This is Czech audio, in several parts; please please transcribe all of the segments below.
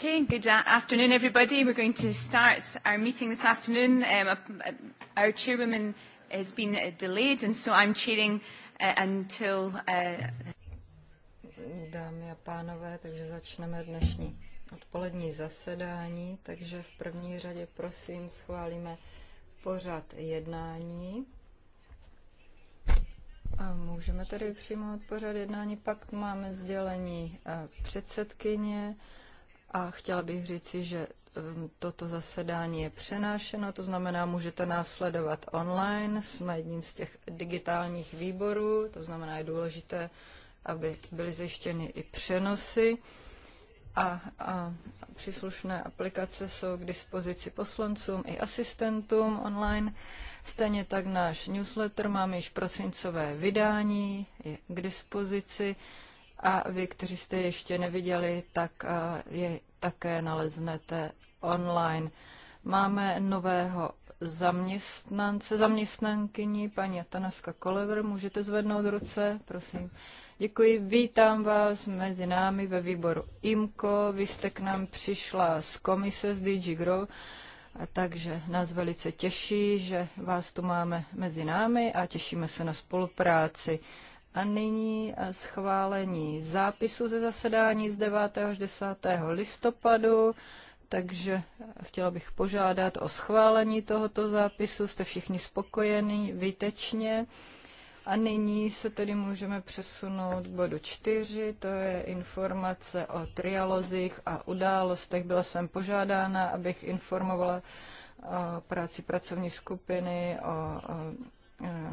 Okay, good uh, afternoon, everybody. We're going to start our meeting this afternoon. Um, our chairwoman has been uh, delayed, and so I'm chairing uh, until... Uh... Dámy a pánové, takže začneme dnešní odpolední zasedání. Takže v první řadě prosím schválíme pořad jednání. A můžeme tedy přijmout pořad jednání, pak máme sdělení eh, předsedkyně. A chtěla bych říci, že um, toto zasedání je přenášeno, to znamená, můžete následovat online. Jsme jedním z těch digitálních výborů, to znamená, je důležité, aby byly zjištěny i přenosy. A, a příslušné aplikace jsou k dispozici poslancům i asistentům online. Stejně tak náš newsletter máme již prosincové vydání, je k dispozici. A vy, kteří jste ještě neviděli, tak eh, je také naleznete online. Máme nového zaměstnance, zaměstnankyni, paní Atanaska Kolever. Můžete zvednout ruce, prosím. Děkuji, vítám vás mezi námi ve výboru IMCO. Vy jste k nám přišla z komise z DG Grow, takže nás velice těší, že vás tu máme mezi námi a těšíme se na spolupráci. A nyní eh, schválení zápisu ze zasedání z 9. až 10. listopadu. Takže eh, chtěla bych požádat o schválení tohoto zápisu. Jste všichni spokojení výtečně. A nyní se tedy můžeme přesunout k bodu čtyři. to je informace o trialozích a událostech. Byla jsem požádána, abych informovala o eh, práci pracovní skupiny, o, o Eh,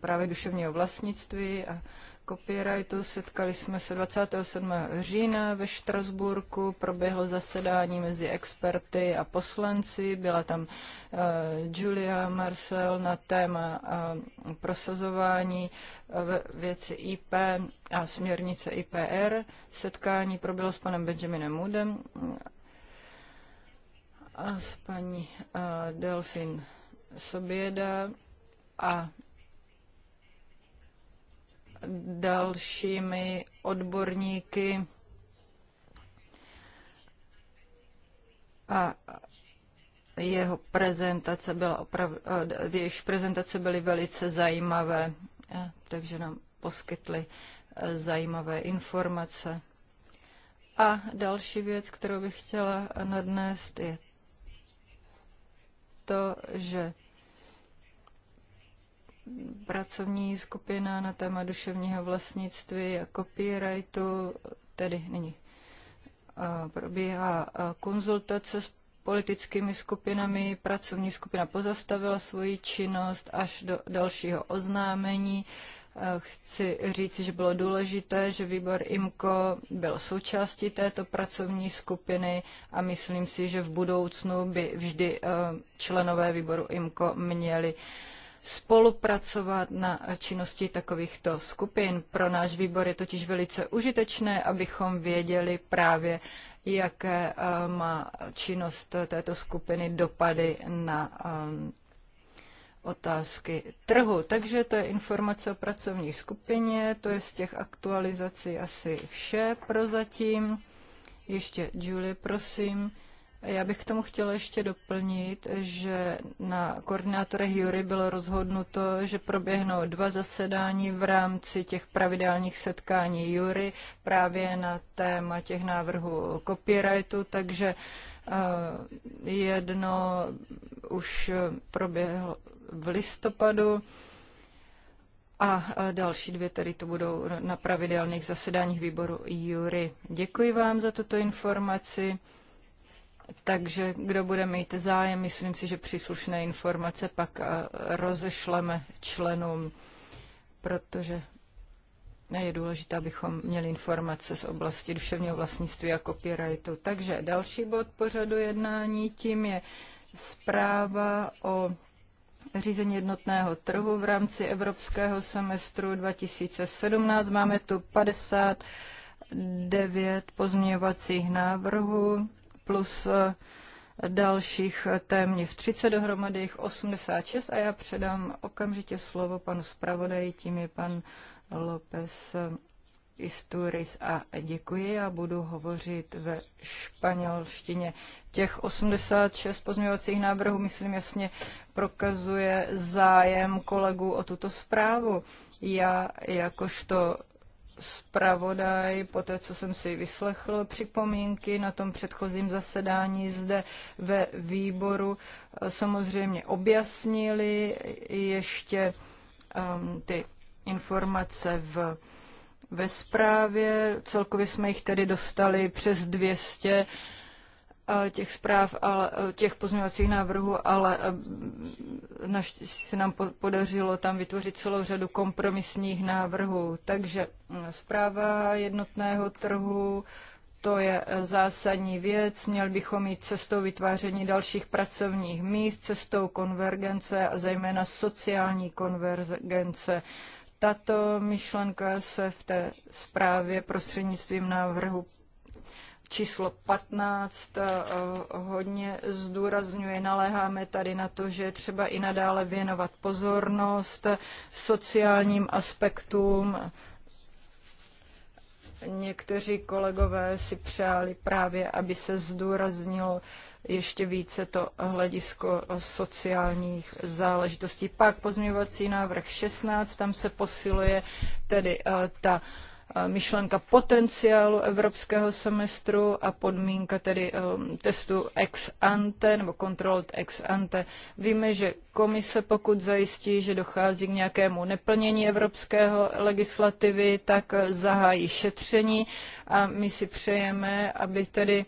právě duševního vlastnictví a copyrightu. Setkali jsme se 27. října ve Štrasburku, proběhlo zasedání mezi experty a poslanci, byla tam eh, Julia Marcel na téma eh, prosazování věci IP a směrnice IPR. Setkání proběhlo s panem Benjaminem Moodem a s paní Delfin Soběda a dalšími odborníky a jeho prezentace byla opravdu, jejich prezentace byly velice zajímavé, takže nám poskytly e, zajímavé informace. A další věc, kterou bych chtěla nadnést, je to, že pracovní skupina na téma duševního vlastnictví a copyrightu, tedy nyní probíhá konzultace s politickými skupinami. Pracovní skupina pozastavila svoji činnost až do dalšího oznámení. Chci říct, že bylo důležité, že výbor IMCO byl součástí této pracovní skupiny a myslím si, že v budoucnu by vždy členové výboru IMCO měli uh, spolupracovat na činnosti takovýchto skupin. Pro náš výbor je totiž velice užitečné, abychom věděli právě, jaké eh, má činnost této skupiny dopady na eh, otázky trhu. Takže to je informace o pracovní skupině, to je z těch aktualizací asi vše prozatím. Ještě Julie, prosím. Já bych k tomu chtěla ještě doplnit, že na koordinátorech Jury bylo rozhodnuto, že proběhnou dva zasedání v rámci těch pravidelných setkání Jury právě na téma těch návrhů copyrightu, takže eh, jedno už proběhlo v listopadu a eh, další dvě tady to budou na pravidelných zasedáních výboru Jury. Děkuji vám za tuto informaci. Takže kdo bude mít zájem, myslím si, že příslušné informace pak eh, rozešleme členům, protože je důležité, abychom měli informace z oblasti duševního vlastnictví a copyrightu. Takže další bod pořadu jednání tím je zpráva o řízení jednotného trhu v rámci evropského semestru 2017. Máme tu 59 pozměňovacích návrhů plus eh, dalších eh, téměř 30 dohromady, jich 86 a já předám okamžitě slovo panu zpravodaji, tím je pan López eh, Isturis a děkuji a budu hovořit ve španělštině. Těch 86 pozměňovacích návrhů, myslím, jasně prokazuje zájem kolegů o tuto zprávu. Já jakožto zpravodaj, po té, co jsem si vyslechl připomínky na tom předchozím zasedání zde ve výboru, eh, samozřejmě objasnili ještě um, ty informace v ve zprávě. Celkově jsme jich tedy dostali přes 200 Eh, těch zpráv, ale, eh, těch pozměňovacích návrhů, ale eh, naštěstí se nám podařilo tam vytvořit celou řadu kompromisních návrhů. Takže hm, zpráva jednotného trhu, to je zásadní věc. Měl bychom mít cestou vytváření dalších pracovních míst, cestou konvergence a zejména sociální konvergence. Tato myšlenka se v té zprávě prostřednictvím návrhu číslo 15 eh, eh, hodně zdůrazňuje, naléháme tady na to, že je třeba i nadále věnovat pozornost sociálním aspektům. Někteří kolegové si přáli právě, aby se zdůraznilo ještě více to hledisko sociálních záležitostí. Pak pozměňovací návrh 16, tam se posiluje tedy eh, ta Eh, myšlenka potenciálu evropského semestru a podmínka tedy eh, testu ex ante nebo kontrol ex ante. Víme, že komise, pokud zajistí, že dochází k nějakému neplnění evropského legislativy, tak eh, zahájí šetření a my si přejeme, aby tedy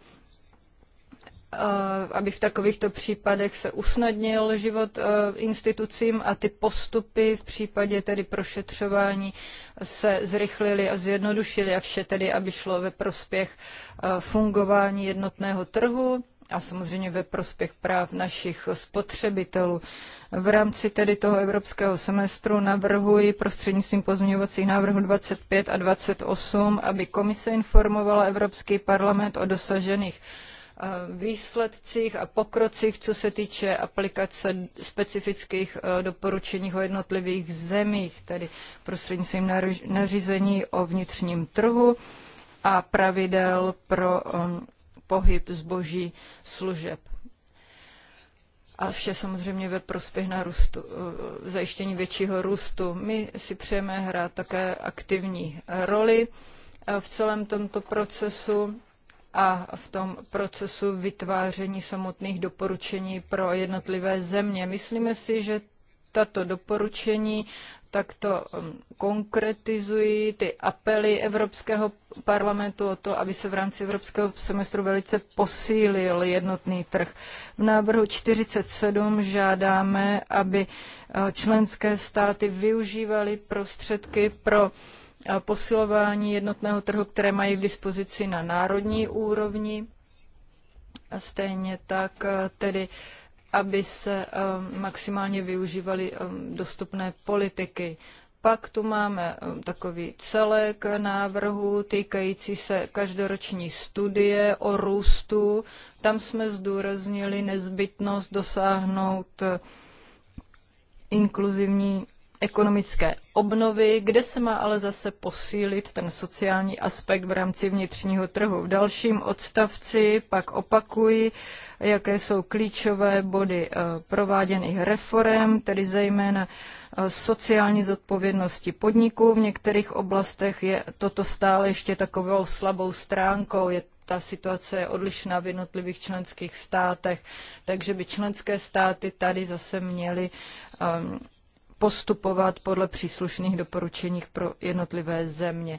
aby v takovýchto případech se usnadnil život institucím a ty postupy v případě tedy prošetřování se zrychlily a zjednodušily a vše tedy, aby šlo ve prospěch fungování jednotného trhu a samozřejmě ve prospěch práv našich spotřebitelů. V rámci tedy toho evropského semestru navrhuji prostřednictvím pozměňovacích návrhů 25 a 28, aby komise informovala Evropský parlament o dosažených výsledcích a pokrocích, co se týče aplikace specifických e, doporučení o jednotlivých zemích, tedy prostřednictvím nařízení o vnitřním trhu a pravidel pro um, pohyb zboží služeb. A vše samozřejmě ve prospěch na růstu, e, zajištění většího růstu. My si přejeme hrát také aktivní roli e, v celém tomto procesu a v tom procesu vytváření samotných doporučení pro jednotlivé země. Myslíme si, že tato doporučení takto um, konkretizují ty apely Evropského parlamentu o to, aby se v rámci Evropského semestru velice posílil jednotný trh. V návrhu 47 žádáme, aby uh, členské státy využívaly prostředky pro posilování jednotného trhu, které mají v dispozici na národní úrovni. A stejně tak eh, tedy, aby se eh, maximálně využívaly eh, dostupné politiky. Pak tu máme takový celek návrhu týkající se každoroční studie o růstu. Tam jsme zdůraznili nezbytnost dosáhnout inkluzivní ekonomické obnovy, kde se má ale zase posílit ten sociální aspekt v rámci vnitřního trhu. V dalším odstavci pak opakuji, jaké jsou klíčové body eh, prováděných reform, tedy zejména eh, sociální zodpovědnosti podniků. V některých oblastech je toto stále ještě takovou slabou stránkou. Je ta situace je odlišná v jednotlivých členských státech, takže by členské státy tady zase měly um, postupovat podle příslušných doporučení pro jednotlivé země.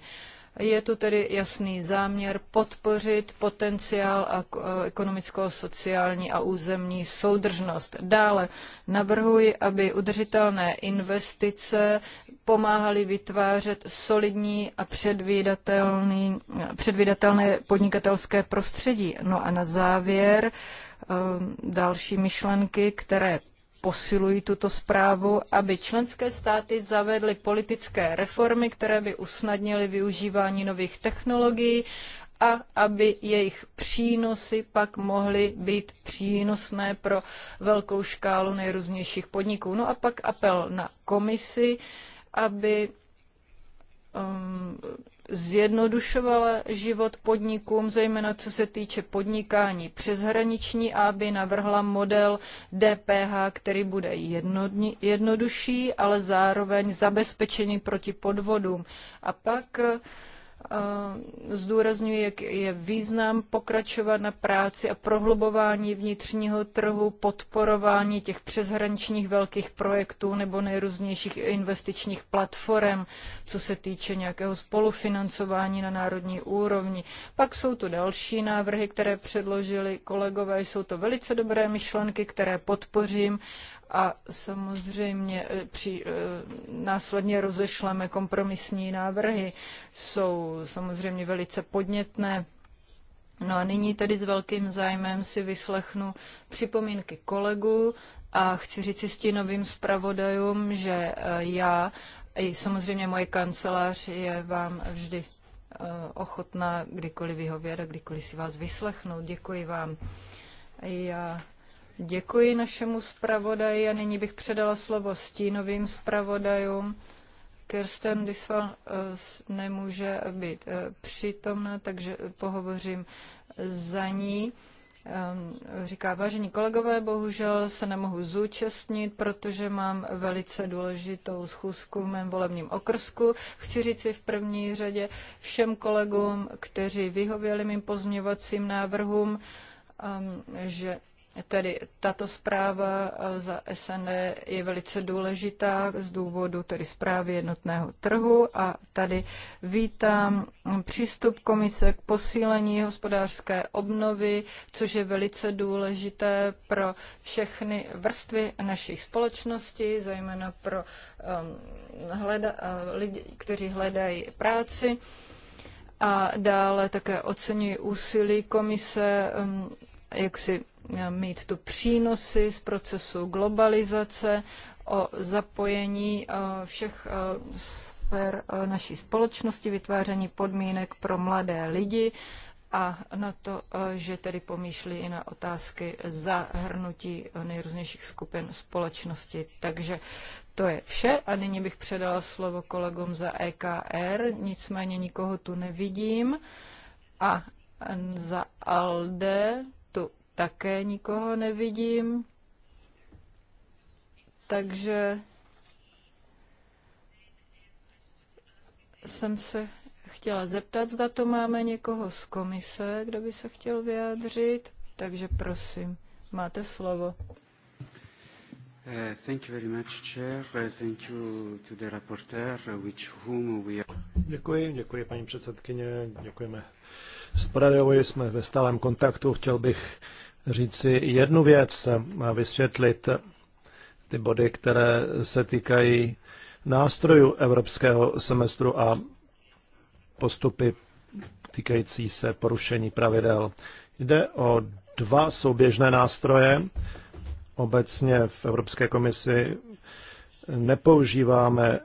Je tu tedy jasný záměr podpořit potenciál a eh, ekonomickou, sociální a územní soudržnost. Dále navrhuji, aby udržitelné investice pomáhaly vytvářet solidní a eh, předvídatelné podnikatelské prostředí. No a na závěr eh, další myšlenky, které posilují tuto zprávu, aby členské státy zavedly politické reformy, které by usnadnily využívání nových technologií a aby jejich přínosy pak mohly být přínosné pro velkou škálu nejrůznějších podniků. No a pak apel na komisi, aby um, zjednodušovala život podnikům, zejména co se týče podnikání přeshraniční, a aby navrhla model DPH, který bude jednodni, jednodušší, ale zároveň zabezpečený proti podvodům. A pak Eh, zdůrazňuji, jak je význam pokračovat na práci a prohlubování vnitřního trhu, podporování těch přeshraničních velkých projektů nebo nejrůznějších investičních platform, co se týče nějakého spolufinancování na národní úrovni. Pak jsou tu další návrhy, které předložili kolegové. Jsou to velice dobré myšlenky, které podpořím a samozřejmě eh, při, eh, následně rozešleme kompromisní návrhy. Jsou samozřejmě velice podnětné. No a nyní tedy s velkým zájmem si vyslechnu připomínky kolegů a chci říct si novým zpravodajům, že eh, já i samozřejmě moje kancelář je vám vždy eh, ochotná kdykoliv vyhovět a kdykoliv si vás vyslechnout. Děkuji vám. Já děkuji našemu zpravodaji a nyní bych předala slovo stínovým zpravodajům. Kirsten Disval eh, nemůže být eh, přítomna, takže pohovořím za ní. Ehm, říká, vážení kolegové, bohužel se nemohu zúčastnit, protože mám velice důležitou schůzku v mém volebním okrsku. Chci říct si v první řadě všem kolegům, kteří vyhověli mým pozměvacím návrhům, ehm, že Tedy tato zpráva eh, za SND je velice důležitá z důvodu tedy zprávy jednotného trhu a tady vítám přístup komise k posílení hospodářské obnovy, což je velice důležité pro všechny vrstvy našich společností, zejména pro um, hleda, eh, lidi, kteří hledají práci. A dále také oceňuji úsilí komise um, jak si eh, mít tu přínosy z procesu globalizace, o zapojení eh, všech eh, sfér naší společnosti, vytváření podmínek pro mladé lidi a na to, že tedy pomýšlí i na otázky zahrnutí nejrůznějších skupin společnosti. Takže to je vše a nyní bych předala slovo kolegům za EKR, nicméně nikoho tu nevidím. A za ALDE také nikoho nevidím. Takže jsem se chtěla zeptat, zda to máme někoho z komise, kdo by se chtěl vyjádřit. Takže prosím, máte slovo. Děkuji, děkuji paní předsedkyně, děkujeme. S Pradejovi jsme ve stálém kontaktu. Chtěl bych říci jednu věc a vysvětlit ty body, které se týkají nástrojů evropského semestru a postupy týkající se porušení pravidel. Jde o dva souběžné nástroje. Obecně v Evropské komisi nepoužíváme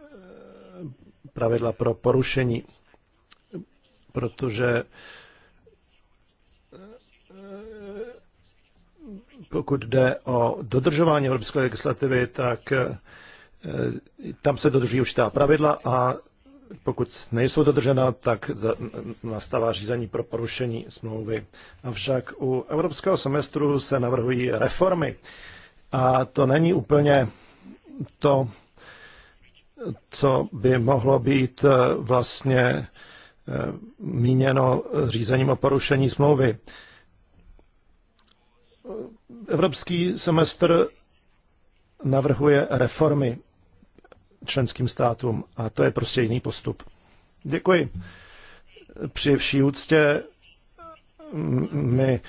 pravidla pro porušení, protože pokud jde o dodržování evropské legislativy, tak eh, tam se dodržují určitá pravidla a pokud nejsou dodržena, tak nastává řízení pro porušení smlouvy. Avšak u evropského semestru se navrhují reformy a to není úplně to, co by mohlo být eh, vlastně eh, míněno řízením o porušení smlouvy. Evropský semestr navrhuje reformy členským státům a to je prostě jiný postup. Děkuji. Při vší úctě my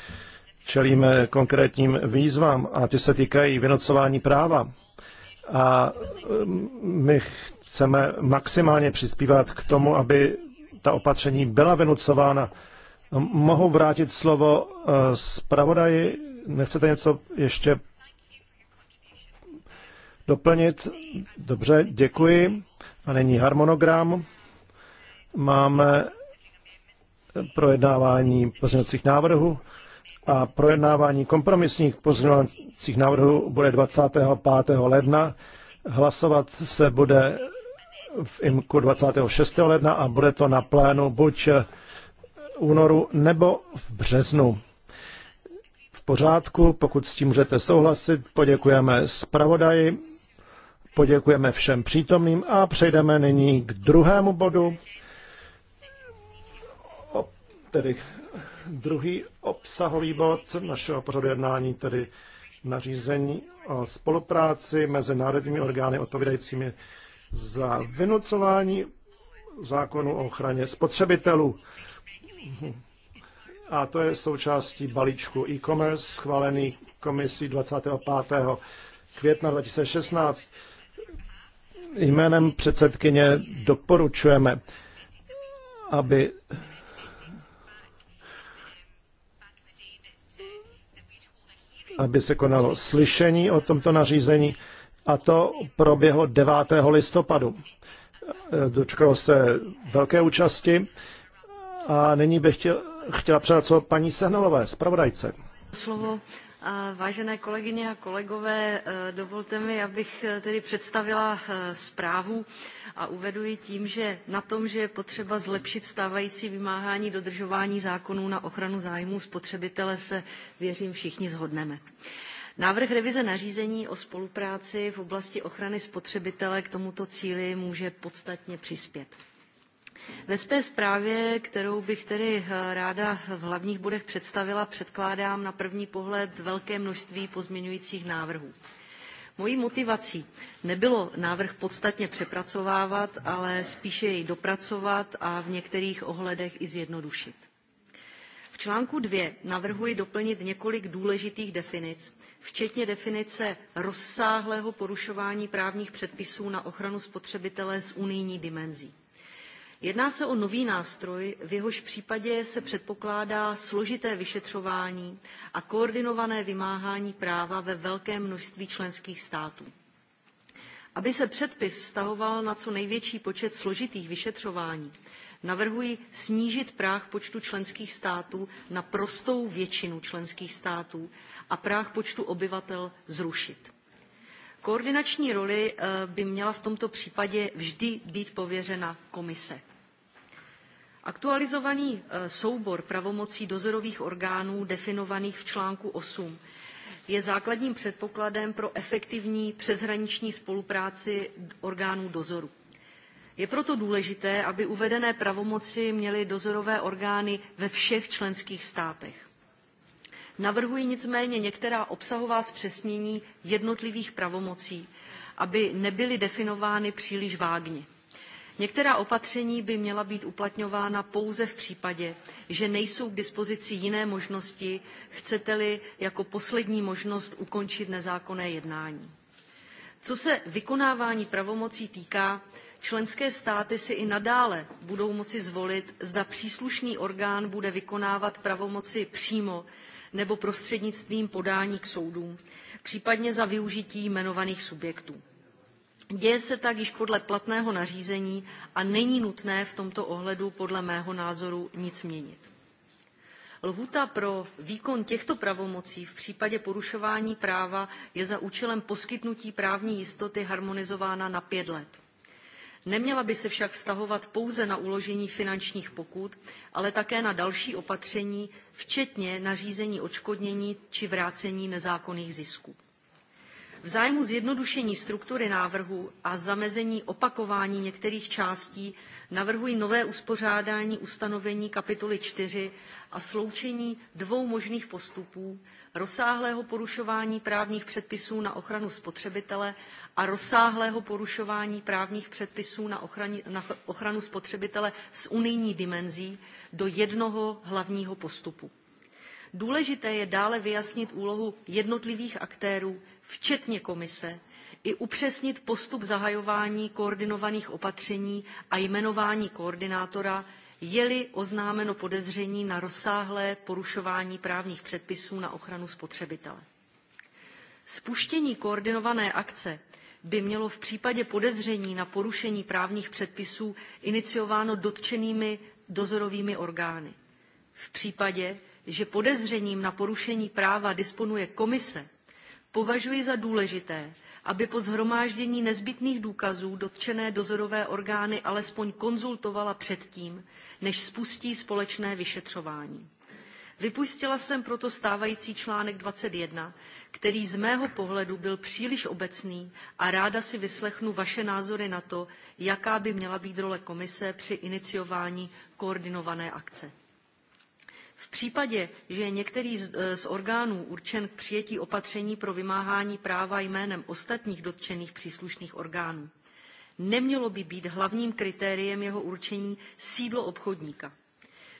čelíme konkrétním výzvám a ty se týkají vynocování práva. A my chceme maximálně přispívat k tomu, aby ta opatření byla vynucována Mohu vrátit slovo eh, zpravodaji? Nechcete něco ještě doplnit? Dobře, děkuji. A není harmonogram. Máme projednávání pozměňovacích návrhů a projednávání kompromisních pozměňovacích návrhů bude 25. ledna. Hlasovat se bude v IMKU 26. ledna a bude to na plénu buď únoru nebo v březnu. V pořádku, pokud s tím můžete souhlasit, poděkujeme zpravodaji, poděkujeme všem přítomným a přejdeme nyní k druhému bodu, tedy druhý obsahový bod našeho pořadu jednání, tedy nařízení o spolupráci mezi národními orgány odpovídajícími za vynucování zákonu o ochraně spotřebitelů. A to je součástí balíčku e-commerce, schválený komisí 25. května 2016. Jménem předsedkyně doporučujeme, aby aby se konalo slyšení o tomto nařízení a to proběhlo 9. listopadu. Dočkalo se velké účasti a nyní bych chtěl, chtěla předat slovo paní Sehnalové, zpravodajce. Slovo. Vážené kolegyně a kolegové, e, dovolte mi, abych e, tedy představila e, zprávu a uvedu ji tím, že na tom, že je potřeba zlepšit stávající vymáhání dodržování zákonů na ochranu zájmů spotřebitele, se věřím všichni zhodneme. Návrh revize nařízení o spolupráci v oblasti ochrany spotřebitele k tomuto cíli může podstatně přispět. Ve své zprávě, kterou bych tedy eh, ráda v hlavních bodech představila, předkládám na první pohled velké množství pozměňujících návrhů. Mojí motivací nebylo návrh podstatně přepracovávat, ale spíše jej dopracovat a v některých ohledech i zjednodušit. V článku 2 navrhuji doplnit několik důležitých definic, včetně definice rozsáhlého porušování právních předpisů na ochranu spotřebitele z unijní dimenzí. Jedná se o nový nástroj, v jehož případě se předpokládá složité vyšetřování a koordinované vymáhání práva ve velkém množství členských států. Aby se předpis vztahoval na co největší počet složitých vyšetřování, navrhuji snížit práh počtu členských států na prostou většinu členských států a práh počtu obyvatel zrušit. Koordinační roli eh, by měla v tomto případě vždy být pověřena komise. Aktualizovaný eh, soubor pravomocí dozorových orgánů definovaných v článku 8 je základním předpokladem pro efektivní přeshraniční spolupráci orgánů dozoru. Je proto důležité, aby uvedené pravomoci měly dozorové orgány ve všech členských státech. Navrhuji nicméně některá obsahová zpřesnění jednotlivých pravomocí, aby nebyly definovány příliš vágně. Některá opatření by měla být uplatňována pouze v případě, že nejsou k dispozici jiné možnosti, chcete-li jako poslední možnost ukončit nezákonné jednání. Co se vykonávání pravomocí týká, členské státy si i nadále budou moci zvolit, zda příslušný orgán bude vykonávat pravomoci přímo nebo prostřednictvím podání k soudům, případně za využití jmenovaných subjektů. Děje se tak již podle platného nařízení a není nutné v tomto ohledu podle mého názoru nic měnit. Lhuta pro výkon těchto pravomocí v případě porušování práva je za účelem poskytnutí právní jistoty harmonizována na pět let. Neměla by se však vztahovat pouze na uložení finančních pokut, ale také na další opatření, včetně nařízení odškodnění či vrácení nezákonných zisků. V zájmu zjednodušení struktury návrhu a zamezení opakování některých částí navrhuji nové uspořádání ustanovení kapitoly 4 a sloučení dvou možných postupů rozsáhlého porušování právních předpisů na ochranu spotřebitele a rozsáhlého porušování právních předpisů na, ochrani, na ochranu spotřebitele s unijní dimenzí do jednoho hlavního postupu. Důležité je dále vyjasnit úlohu jednotlivých aktérů včetně komise, i upřesnit postup zahajování koordinovaných opatření a jmenování koordinátora, je-li oznámeno podezření na rozsáhlé porušování právních předpisů na ochranu spotřebitele. Spuštění koordinované akce by mělo v případě podezření na porušení právních předpisů iniciováno dotčenými dozorovými orgány. V případě, že podezřením na porušení práva disponuje komise, považuji za důležité, aby po zhromáždění nezbytných důkazů dotčené dozorové orgány alespoň konzultovala předtím, než spustí společné vyšetřování. Vypustila jsem proto stávající článek 21, který z mého pohledu byl příliš obecný a ráda si vyslechnu vaše názory na to, jaká by měla být role komise při iniciování koordinované akce. V případě, že je některý eh, z orgánů určen k přijetí opatření pro vymáhání práva jménem ostatních dotčených příslušných orgánů, nemělo by být hlavním kritériem jeho určení sídlo obchodníka.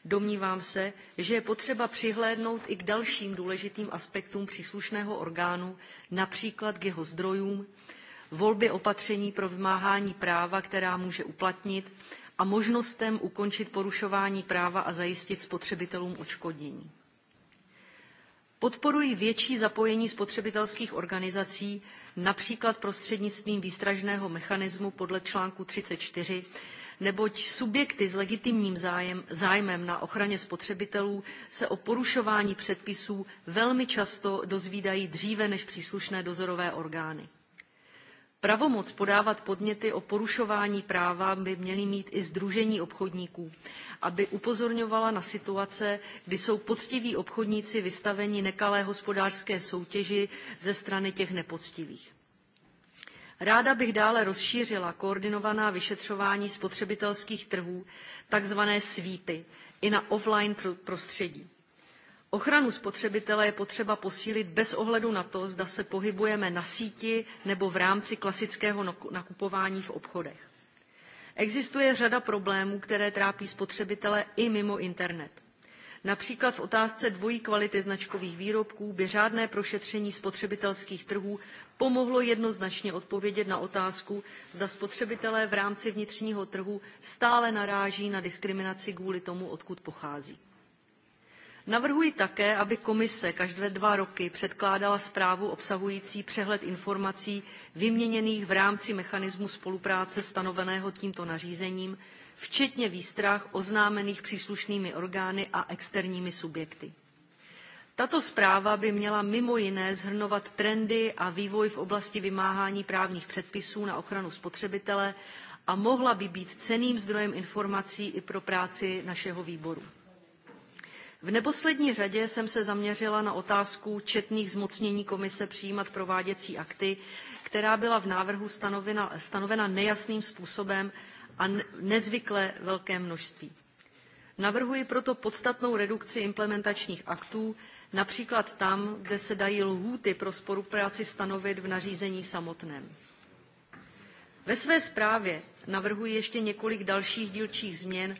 Domnívám se, že je potřeba přihlédnout i k dalším důležitým aspektům příslušného orgánu, například k jeho zdrojům, volbě opatření pro vymáhání práva, která může uplatnit a možnostem ukončit porušování práva a zajistit spotřebitelům odškodnění. Podporuji větší zapojení spotřebitelských organizací, například prostřednictvím výstražného mechanismu podle článku 34, neboť subjekty s legitimním zájem, zájmem na ochraně spotřebitelů se o porušování předpisů velmi často dozvídají dříve než příslušné dozorové orgány. Pravomoc podávat podněty o porušování práva by měly mít i Združení obchodníků, aby upozorňovala na situace, kdy jsou poctiví obchodníci vystaveni nekalé hospodářské soutěži ze strany těch nepoctivých. Ráda bych dále rozšířila koordinovaná vyšetřování spotřebitelských trhů, takzvané svípy, i na offline prostředí. Ochranu spotřebitele je potřeba posílit bez ohledu na to, zda se pohybujeme na síti nebo v rámci klasického nakupování v obchodech. Existuje řada problémů, které trápí spotřebitele i mimo internet. Například v otázce dvojí kvality značkových výrobků by řádné prošetření spotřebitelských trhů pomohlo jednoznačně odpovědět na otázku, zda spotřebitelé v rámci vnitřního trhu stále naráží na diskriminaci kvůli tomu, odkud pochází. Navrhuji také, aby komise každé dva roky předkládala zprávu obsahující přehled informací vyměněných v rámci mechanismu spolupráce stanoveného tímto nařízením, včetně výstrah oznámených příslušnými orgány a externími subjekty. Tato zpráva by měla mimo jiné zhrnovat trendy a vývoj v oblasti vymáhání právních předpisů na ochranu spotřebitele a mohla by být cenným zdrojem informací i pro práci našeho výboru. V neposlední řadě jsem se zaměřila na otázku četných zmocnění komise přijímat prováděcí akty, která byla v návrhu stanovena, stanovena nejasným způsobem a nezvykle velké množství. Navrhuji proto podstatnou redukci implementačních aktů, například tam, kde se dají lhůty pro spolupráci stanovit v nařízení samotném. Ve své zprávě navrhuji ještě několik dalších dílčích změn,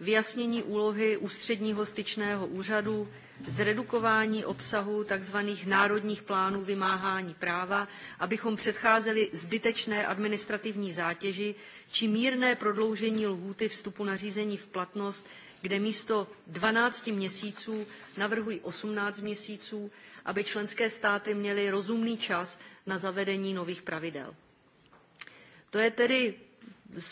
vyjasnění úlohy ústředního styčného úřadu, zredukování obsahu tzv. národních plánů vymáhání práva, abychom předcházeli zbytečné administrativní zátěži či mírné prodloužení lhůty vstupu nařízení v platnost, kde místo 12 měsíců navrhují 18 měsíců, aby členské státy měly rozumný čas na zavedení nových pravidel. To je tedy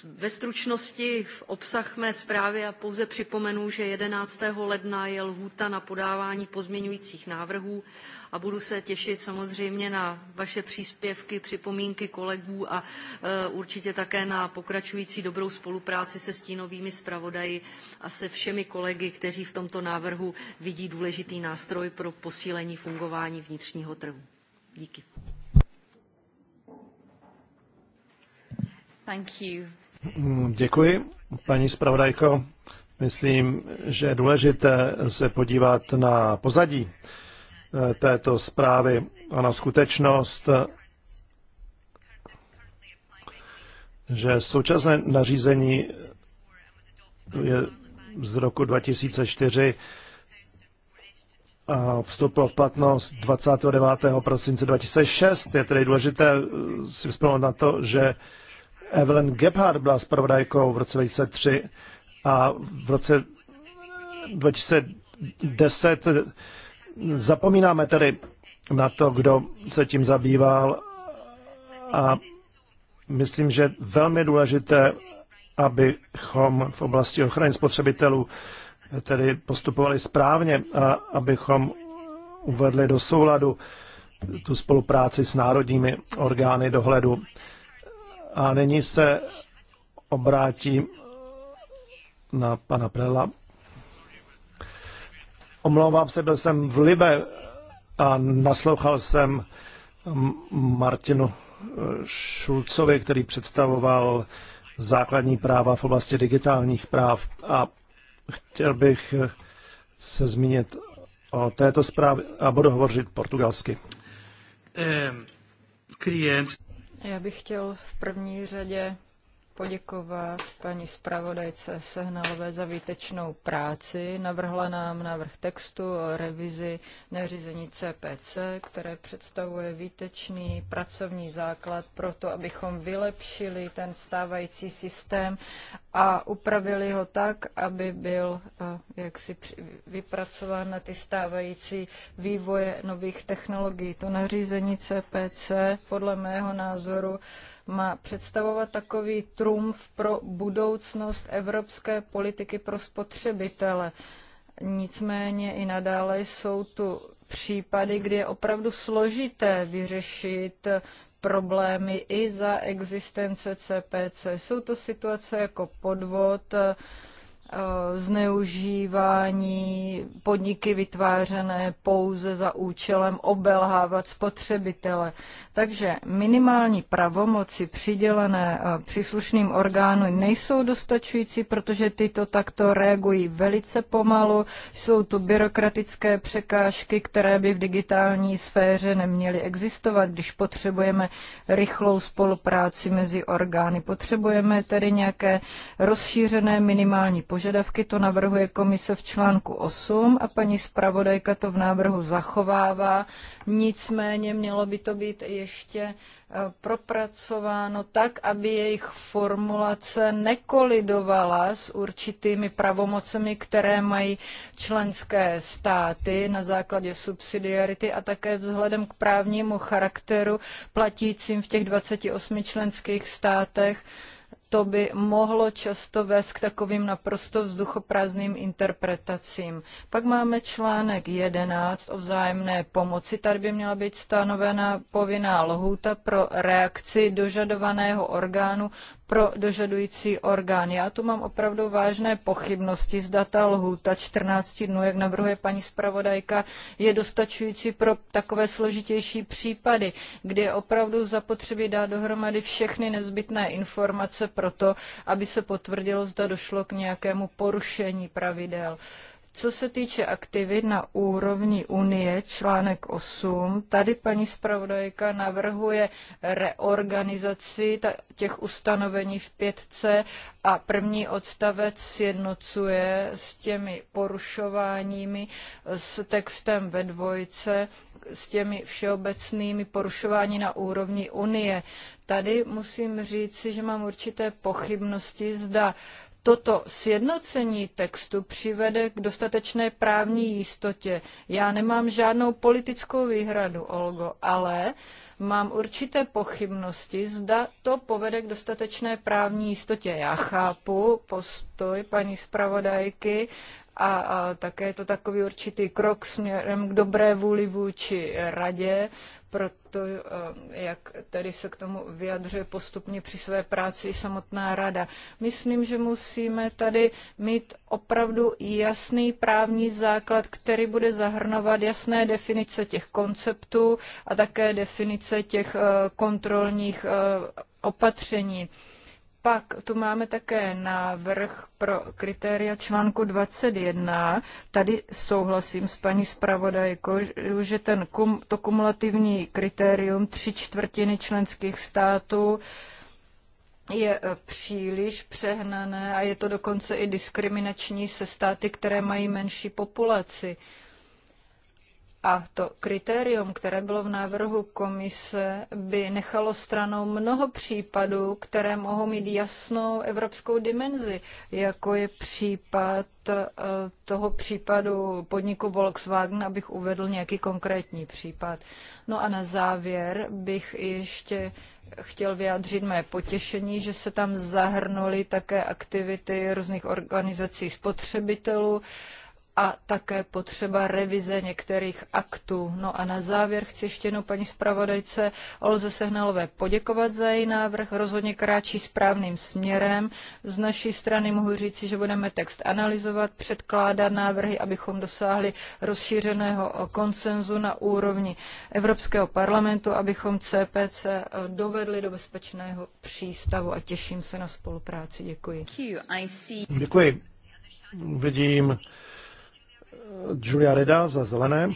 ve stručnosti v obsah mé zprávy a pouze připomenu, že 11. ledna je lhůta na podávání pozměňujících návrhů a budu se těšit samozřejmě na vaše příspěvky, připomínky kolegů a e, určitě také na pokračující dobrou spolupráci se stínovými zpravodaji a se všemi kolegy, kteří v tomto návrhu vidí důležitý nástroj pro posílení fungování vnitřního trhu. Díky. Děkuji, paní zpravodajko. Myslím, že je důležité se podívat na pozadí eh, této zprávy a na skutečnost, že současné nařízení je z roku 2004 a vstoupilo v platnost 29. prosince 2006. Je tedy důležité eh, si vzpomenout na to, že Evelyn Gebhardt byla zpravodajkou v roce 2003 a v roce 2010 zapomínáme tedy na to, kdo se tím zabýval a myslím, že velmi důležité, abychom v oblasti ochrany spotřebitelů tedy postupovali správně a abychom uvedli do souladu tu spolupráci s národními orgány dohledu. A nyní se obrátím na pana Prela. Omlouvám se, byl jsem v Libe a naslouchal jsem Martinu eh, Šulcovi, který představoval základní práva v oblasti digitálních práv a chtěl bych eh, se zmínit o této zprávě a budu hovořit portugalsky. Um, klient já bych chtěl v první řadě poděkovat paní zpravodajce Sehnalové za výtečnou práci. Navrhla nám návrh textu o revizi nařízení CPC, které představuje výtečný pracovní základ pro to, abychom vylepšili ten stávající systém a upravili ho tak, aby byl eh, jaksi vypracován na ty stávající vývoje nových technologií. To nařízení CPC podle mého názoru má představovat takový trumf pro budoucnost evropské politiky pro spotřebitele. Nicméně i nadále jsou tu případy, kdy je opravdu složité vyřešit problémy i za existence CPC. Jsou to situace jako podvod, eh, zneužívání, podniky vytvářené pouze za účelem obelhávat spotřebitele. Takže minimální pravomoci přidělené eh, příslušným orgánům nejsou dostačující, protože tyto takto reagují velice pomalu. Jsou tu byrokratické překážky, které by v digitální sféře neměly existovat, když potřebujeme rychlou spolupráci mezi orgány. Potřebujeme tedy nějaké rozšířené minimální požadavky, to navrhuje komise v článku 8 a paní zpravodajka to v návrhu zachovává. Nicméně mělo by to být i ještě eh, propracováno tak, aby jejich formulace nekolidovala s určitými pravomocemi, které mají členské státy na základě subsidiarity a také vzhledem k právnímu charakteru platícím v těch 28 členských státech to by mohlo často vést k takovým naprosto vzduchoprázdným interpretacím. Pak máme článek 11 o vzájemné pomoci. Tady by měla být stanovena povinná lhůta pro reakci dožadovaného orgánu pro dožadující orgán. Já tu mám opravdu vážné pochybnosti, zda ta lhůta 14 dnů, jak navrhuje paní zpravodajka, je dostačující pro takové složitější případy, kdy je opravdu zapotřebí dát dohromady všechny nezbytné informace pro to, aby se potvrdilo, zda došlo k nějakému porušení pravidel. Co se týče aktivit na úrovni Unie, článek 8, tady paní zpravodajka navrhuje reorganizaci těch ustanovení v pětce a první odstavec sjednocuje s těmi porušováními s textem ve dvojce, s těmi všeobecnými porušování na úrovni Unie. Tady musím říci, že mám určité pochybnosti, zda toto sjednocení textu přivede k dostatečné právní jistotě. Já nemám žádnou politickou výhradu, Olgo, ale mám určité pochybnosti, zda to povede k dostatečné právní jistotě. Já chápu postoj paní zpravodajky, a, a také je to takový určitý krok směrem k dobré vůli vůči radě, proto e, jak tedy se k tomu vyjadřuje postupně při své práci i samotná rada. Myslím, že musíme tady mít opravdu jasný právní základ, který bude zahrnovat jasné definice těch konceptů a také definice těch e, kontrolních e, opatření. Pak tu máme také návrh pro kritéria článku 21. Tady souhlasím s paní zpravodajkou, že ten, to kumulativní kritérium tři čtvrtiny členských států je eh, příliš přehnané a je to dokonce i diskriminační se státy, které mají menší populaci. A to kritérium, které bylo v návrhu komise, by nechalo stranou mnoho případů, které mohou mít jasnou evropskou dimenzi, jako je případ eh, toho případu podniku Volkswagen, abych uvedl nějaký konkrétní případ. No a na závěr bych ještě chtěl vyjádřit mé potěšení, že se tam zahrnuly také aktivity různých organizací spotřebitelů, a také potřeba revize některých aktů. No a na závěr chci ještě jednou paní zpravodajce Olze Sehnalové poděkovat za její návrh. Rozhodně kráčí správným směrem. Z naší strany mohu říci, že budeme text analyzovat, předkládat návrhy, abychom dosáhli rozšířeného konsenzu na úrovni Evropského parlamentu, abychom CPC dovedli do bezpečného přístavu a těším se na spolupráci. Děkuji. Děkuji. Vidím, Julia Reda za zelené.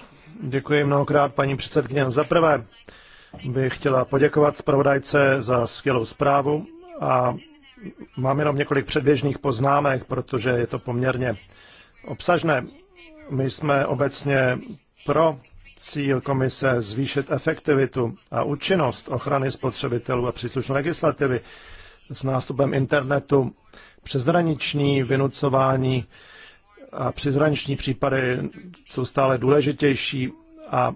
Děkuji mnohokrát paní předsedkyně. Za prvé bych chtěla poděkovat zpravodajce za skvělou zprávu a mám jenom několik předběžných poznámek, protože je to poměrně obsažné. My jsme obecně pro cíl komise zvýšit efektivitu a účinnost ochrany spotřebitelů a příslušné legislativy s nástupem internetu přezraniční vynucování a přizraniční případy jsou stále důležitější a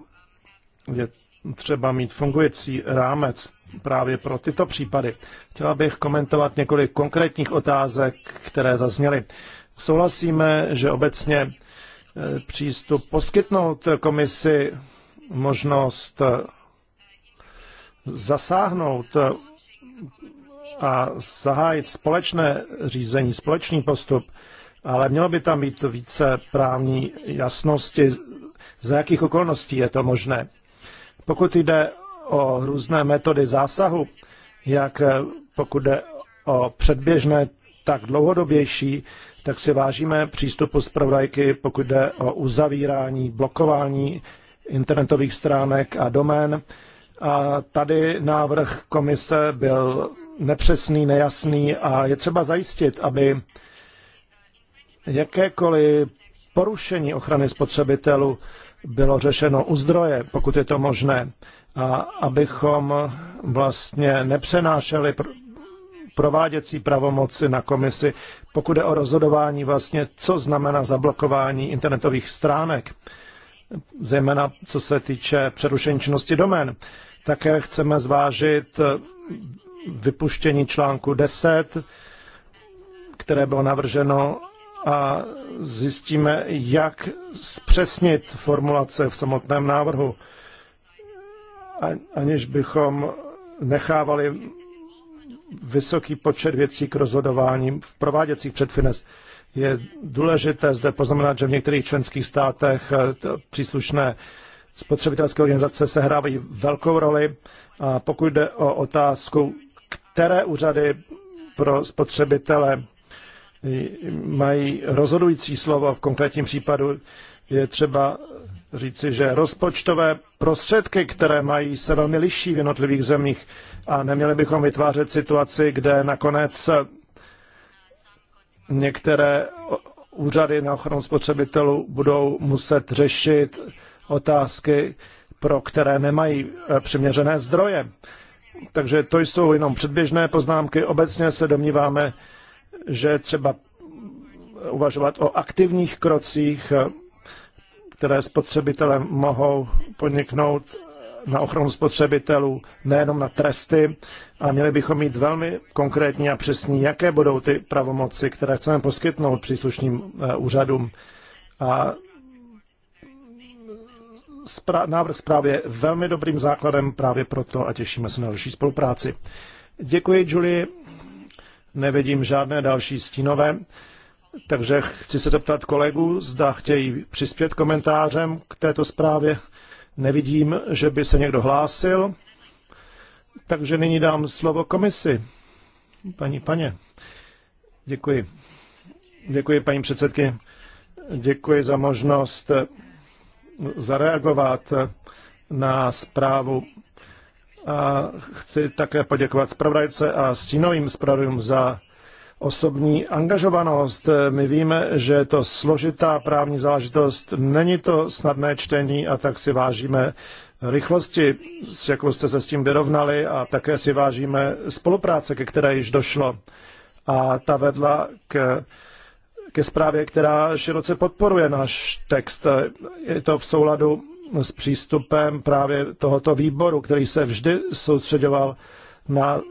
je třeba mít fungující rámec právě pro tyto případy. Chtěla bych komentovat několik konkrétních otázek, které zazněly. Souhlasíme, že obecně eh, přístup poskytnout komisi možnost eh, zasáhnout eh, a zahájit společné řízení, společný postup ale mělo by tam být více právní jasnosti, za jakých okolností je to možné. Pokud jde o různé metody zásahu, jak eh, pokud jde o předběžné, tak dlouhodobější, tak si vážíme přístupu zpravodajky, pokud jde o uzavírání, blokování internetových stránek a domén. A tady návrh komise byl nepřesný, nejasný a je třeba zajistit, aby Jakékoliv porušení ochrany spotřebitelů bylo řešeno u zdroje, pokud je to možné, a abychom vlastně nepřenášeli prováděcí pravomoci na komisi, pokud je o rozhodování vlastně, co znamená zablokování internetových stránek, zejména co se týče přerušení činnosti domén. Také chceme zvážit vypuštění článku 10, které bylo navrženo a zjistíme, jak zpřesnit formulace v samotném návrhu, aniž bychom nechávali vysoký počet věcí k rozhodování v prováděcích předfines. Je důležité zde poznamenat, že v některých členských státech eh, příslušné spotřebitelské organizace sehrávají velkou roli. A pokud jde o otázku, které úřady pro spotřebitele mají rozhodující slovo v konkrétním případu, je třeba říci, že rozpočtové prostředky, které mají, se velmi liší v jednotlivých zemích a neměli bychom vytvářet situaci, kde nakonec některé úřady na ochranu spotřebitelů budou muset řešit otázky, pro které nemají eh, přiměřené zdroje. Takže to jsou jenom předběžné poznámky. Obecně se domníváme, že třeba uvažovat o aktivních krocích, které spotřebitele mohou podniknout na ochranu spotřebitelů, nejenom na tresty. A měli bychom mít velmi konkrétní a přesní, jaké budou ty pravomoci, které chceme poskytnout příslušným eh, úřadům. A návrh zprávy je velmi dobrým základem právě proto a těšíme se na další spolupráci. Děkuji, Julie. Nevidím žádné další stínové, takže chci se zeptat kolegů, zda chtějí přispět komentářem k této zprávě. Nevidím, že by se někdo hlásil, takže nyní dám slovo komisi. Paní paně, děkuji. Děkuji, paní předsedky. Děkuji za možnost zareagovat na zprávu a chci také poděkovat zpravodajce a stínovým zpravodajům za osobní angažovanost. My víme, že je to složitá právní záležitost, není to snadné čtení a tak si vážíme rychlosti, s jakou jste se s tím vyrovnali a také si vážíme spolupráce, ke které již došlo. A ta vedla k, ke zprávě, která široce podporuje náš text. Je to v souladu s přístupem právě tohoto výboru, který se vždy soustředoval na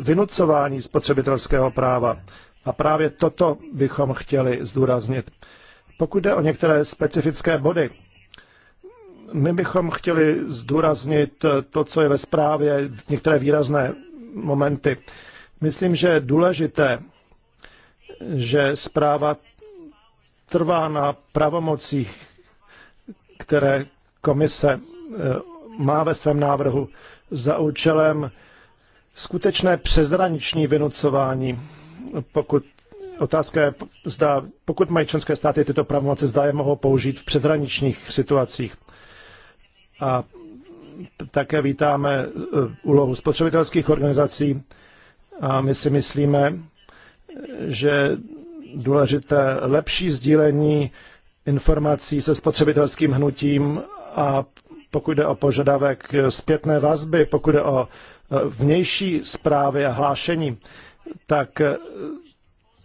vynucování spotřebitelského práva. A právě toto bychom chtěli zdůraznit. Pokud jde o některé specifické body, my bychom chtěli zdůraznit to, co je ve zprávě, některé výrazné momenty. Myslím, že je důležité, že zpráva trvá na pravomocích, které komise eh, má ve svém návrhu za účelem skutečné přezraniční vynucování, pokud Otázka je, zda, pokud mají členské státy tyto pravomoci, zda je mohou použít v přezraničních situacích. A také vítáme eh, úlohu spotřebitelských organizací a my si myslíme, že důležité lepší sdílení informací se spotřebitelským hnutím a pokud jde o požadavek zpětné vazby, pokud jde o e, vnější zprávy a hlášení, tak e,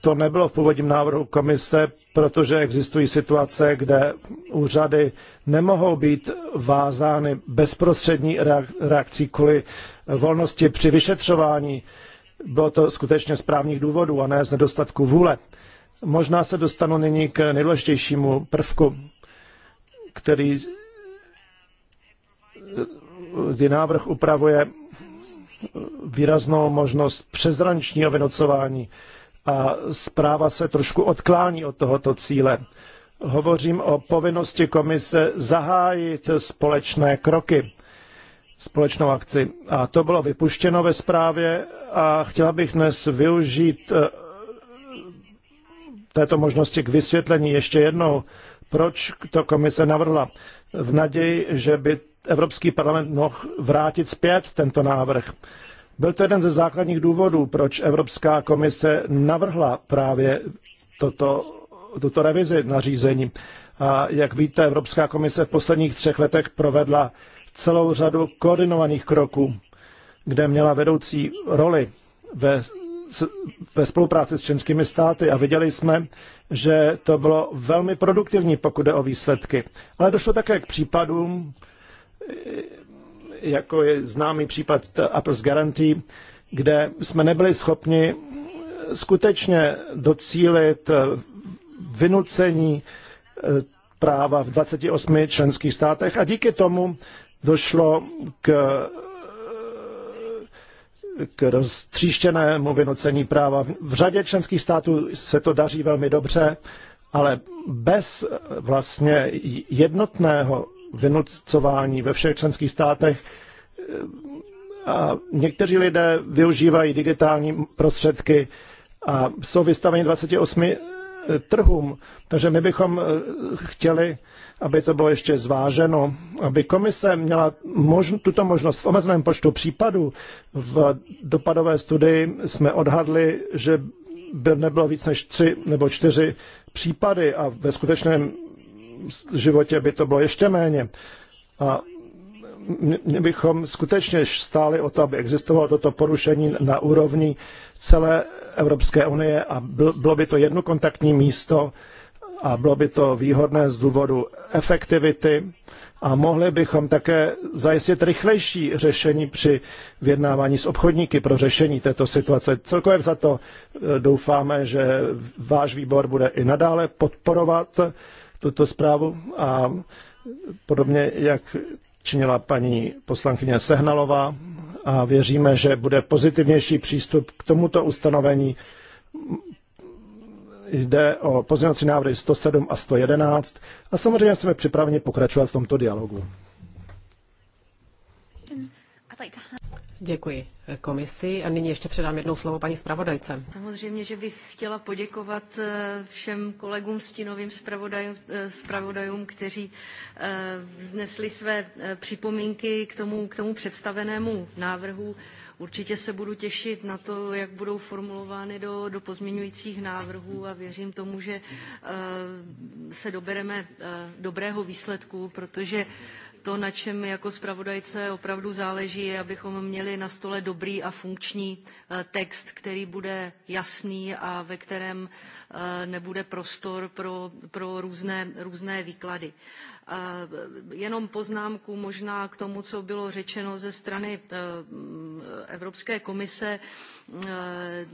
to nebylo v původním návrhu komise, protože existují situace, kde úřady nemohou být vázány bezprostřední reakcí kvůli volnosti při vyšetřování. Bylo to skutečně z právních důvodů a ne z nedostatku vůle. Možná se dostanu nyní k nejdůležitějšímu prvku, který kdy návrh upravuje výraznou možnost přezrančního vynocování a zpráva se trošku odklání od tohoto cíle. Hovořím o povinnosti komise zahájit společné kroky, společnou akci. A to bylo vypuštěno ve zprávě a chtěla bych dnes využít eh, této možnosti k vysvětlení ještě jednou, proč to komise navrhla. V naději, že by Evropský parlament mohl vrátit zpět tento návrh. Byl to jeden ze základních důvodů, proč Evropská komise navrhla právě toto, tuto revizi nařízení. A jak víte, Evropská komise v posledních třech letech provedla celou řadu koordinovaných kroků, kde měla vedoucí roli ve, ve spolupráci s členskými státy a viděli jsme, že to bylo velmi produktivní, pokud jde o výsledky. Ale došlo také k případům, jako je známý případ Apple's Guarantee, kde jsme nebyli schopni skutečně docílit eh, vynucení eh, práva v 28 členských státech a díky tomu došlo k, eh, k roztříštěnému vynucení práva. V řadě členských států se to daří velmi dobře, ale bez vlastně jednotného vynucování ve všech členských státech. A někteří lidé využívají digitální prostředky a jsou vystaveni 28 eh, trhům. Takže my bychom eh, chtěli, aby to bylo ještě zváženo, aby komise měla možn- tuto možnost v omezeném počtu případů. V dopadové studii jsme odhadli, že by nebylo víc než tři nebo čtyři případy a ve skutečném životě by to bylo ještě méně. A my bychom skutečně stáli o to, aby existovalo toto porušení na úrovni celé Evropské unie a bylo by to jedno kontaktní místo a bylo by to výhodné z důvodu efektivity a mohli bychom také zajistit rychlejší řešení při vyjednávání s obchodníky pro řešení této situace. Celkově za to e, doufáme, že váš výbor bude i nadále podporovat tuto zprávu a podobně, jak činila paní poslankyně Sehnalová a věříme, že bude pozitivnější přístup k tomuto ustanovení. Jde o pozměňovací návrhy 107 a 111 a samozřejmě jsme připraveni pokračovat v tomto dialogu. Děkuji komisi a nyní ještě předám jednou slovo paní zpravodajce. Samozřejmě, že bych chtěla poděkovat eh, všem kolegům stínovým zpravodajům, eh, zpravodajům kteří eh, vznesli své připomínky k tomu, k tomu představenému návrhu. Určitě se budu těšit na to, jak budou formulovány do, do pozměňujících návrhů a věřím tomu, že se dobereme dobrého výsledku, protože to, na čem jako zpravodajce opravdu záleží, je, abychom měli na stole dobrý a funkční eh, text, který bude jasný a ve kterém eh, nebude prostor pro, pro různé, různé výklady. Jenom poznámku možná k tomu, co bylo řečeno ze strany eh, Evropské komise. Eh,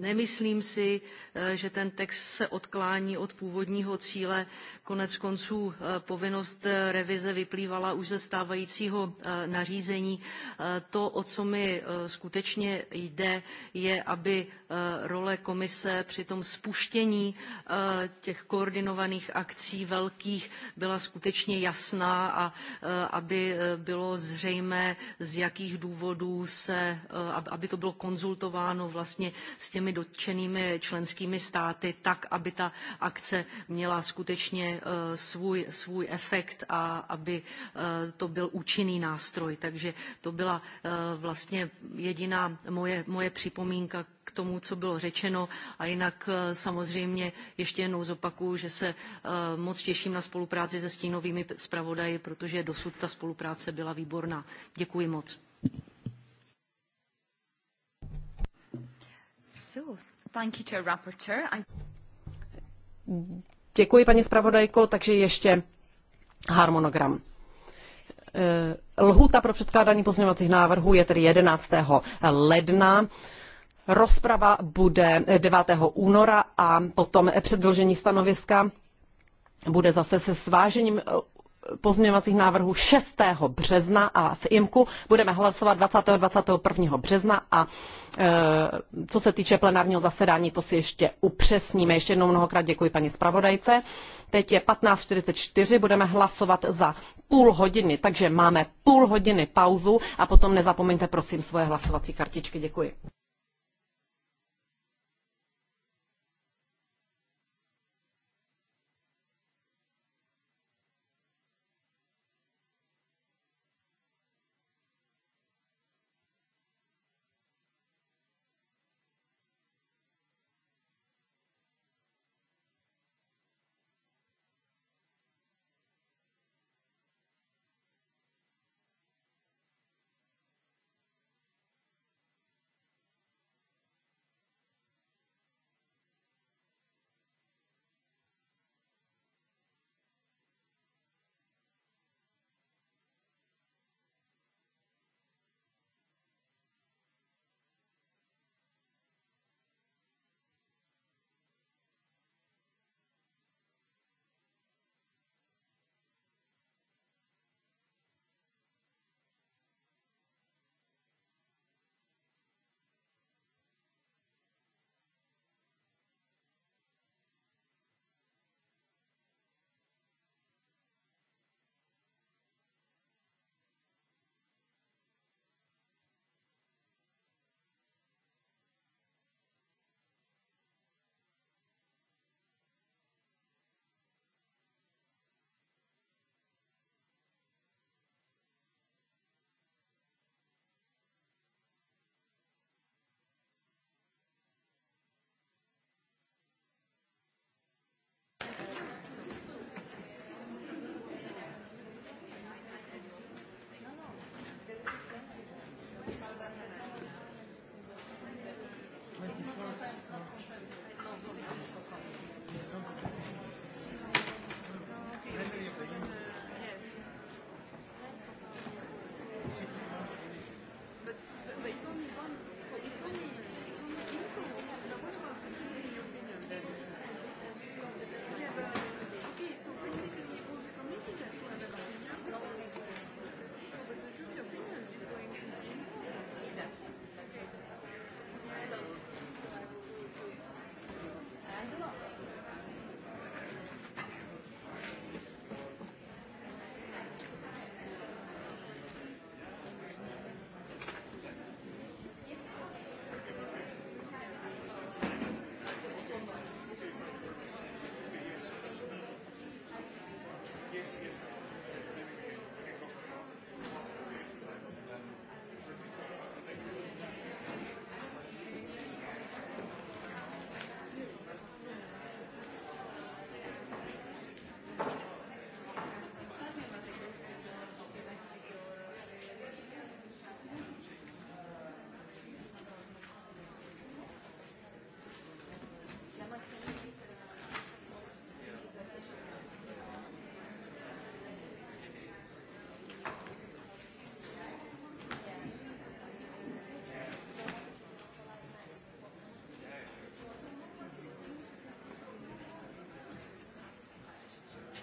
nemyslím si, eh, že ten text se odklání od původního cíle. Konec konců povinnost revize vyplývala už ze stávajícího nařízení. To, o co mi skutečně jde, je, aby role komise při tom spuštění těch koordinovaných akcí velkých byla skutečně skutečně jasná a eh, aby eh, bylo zřejmé, z jakých důvodů se, eh, aby to bylo konzultováno vlastně s těmi dotčenými členskými státy tak, aby ta akce měla skutečně svůj, svůj efekt a aby to byl účinný nástroj. Takže to byla vlastně jediná moje, moje připomínka k tomu, co bylo řečeno. A jinak eh, samozřejmě ještě jednou zopakuju, že se eh, moc těším na spolupráci se stínovými zpravodaji, protože dosud ta spolupráce byla výborná. Děkuji moc. Děkuji, paní zpravodajko. Takže ještě harmonogram. Eh, lhůta pro předkládání pozměňovacích návrhů je tedy 11. ledna. Rozprava bude 9. února a potom předložení stanoviska bude zase se svážením eh, pozměňovacích návrhů 6. března a v IMKU budeme hlasovat 20. 21. března a e, co se týče plenárního zasedání, to si ještě upřesníme. Ještě jednou mnohokrát děkuji paní zpravodajce. Teď je 15.44, budeme hlasovat za půl hodiny, takže máme půl hodiny pauzu a potom nezapomeňte prosím svoje hlasovací kartičky. Děkuji.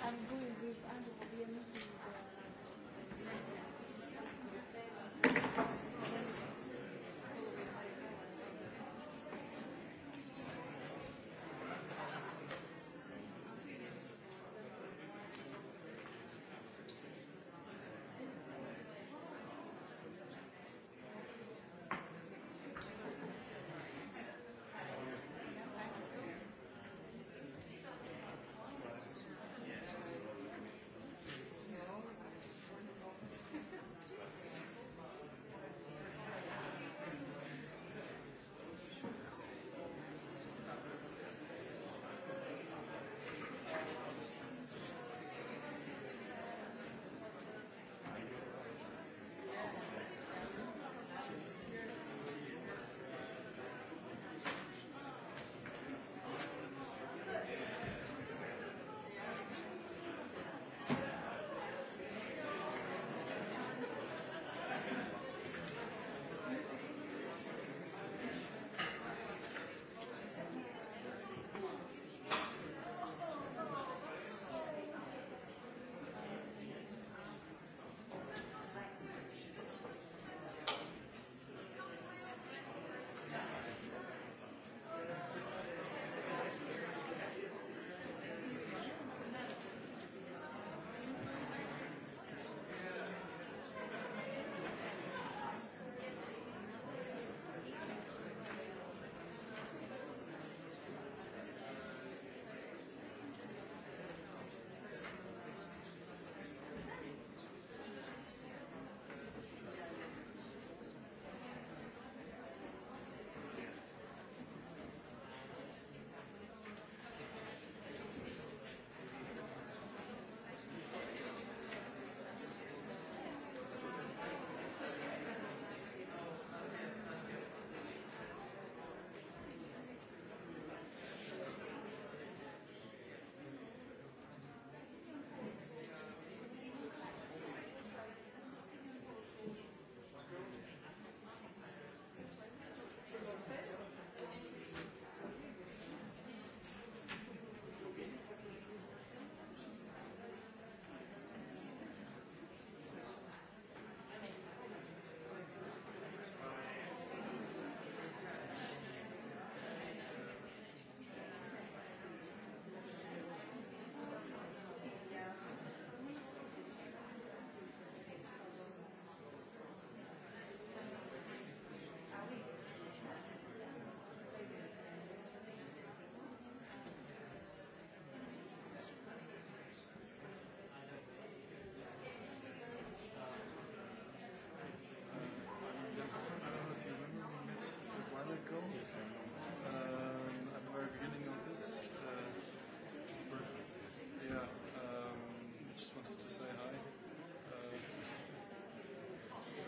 I'm good.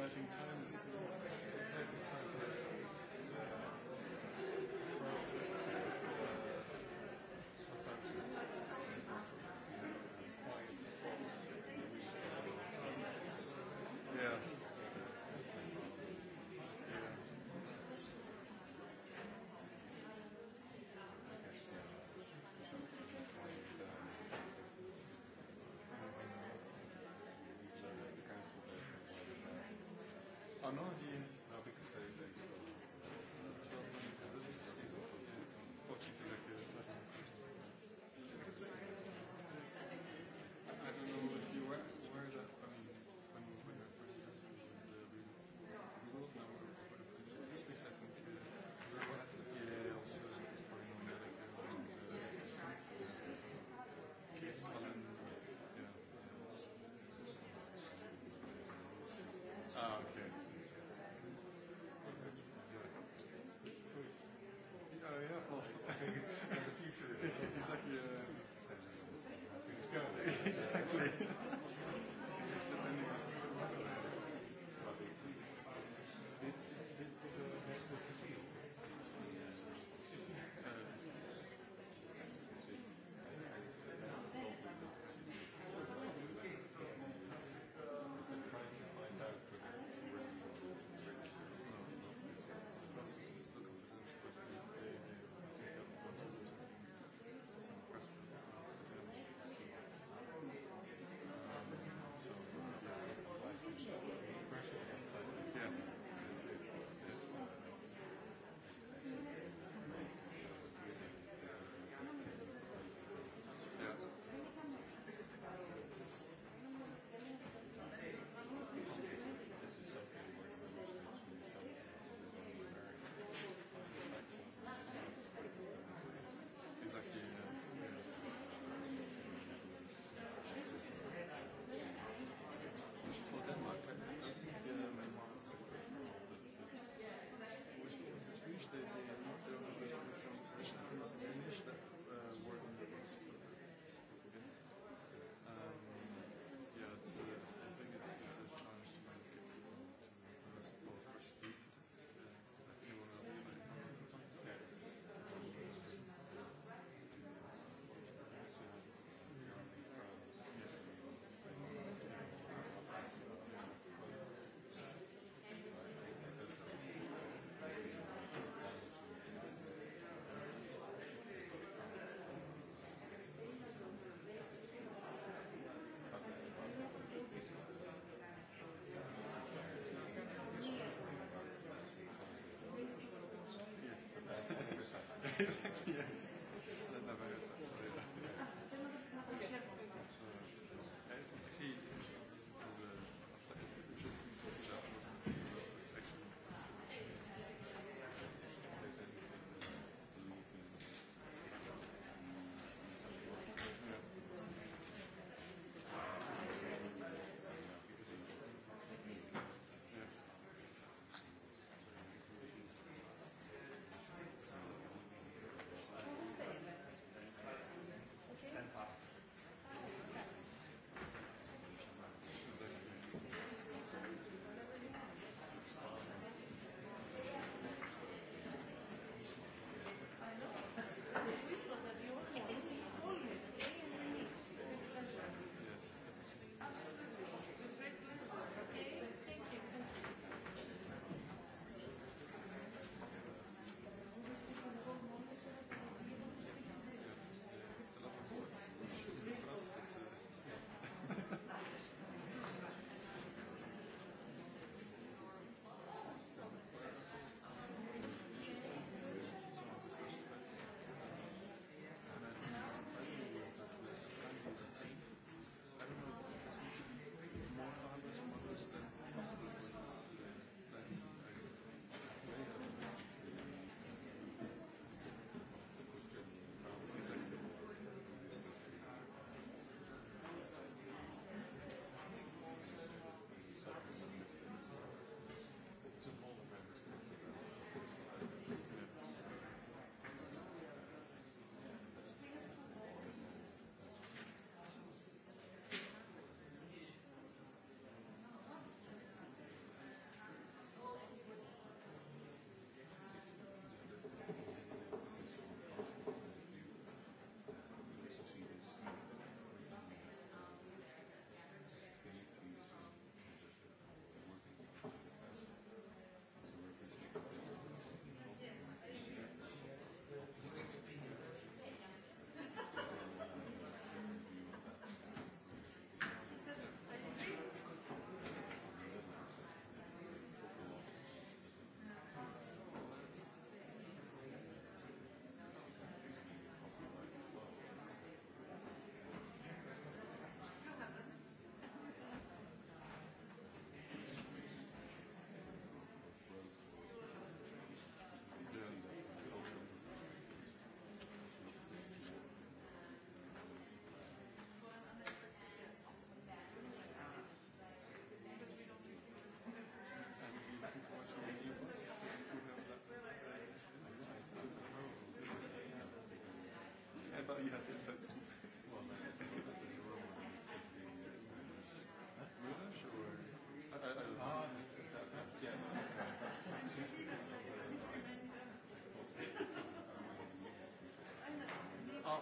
exciting times. Takhle. exactly.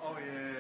oh yeah.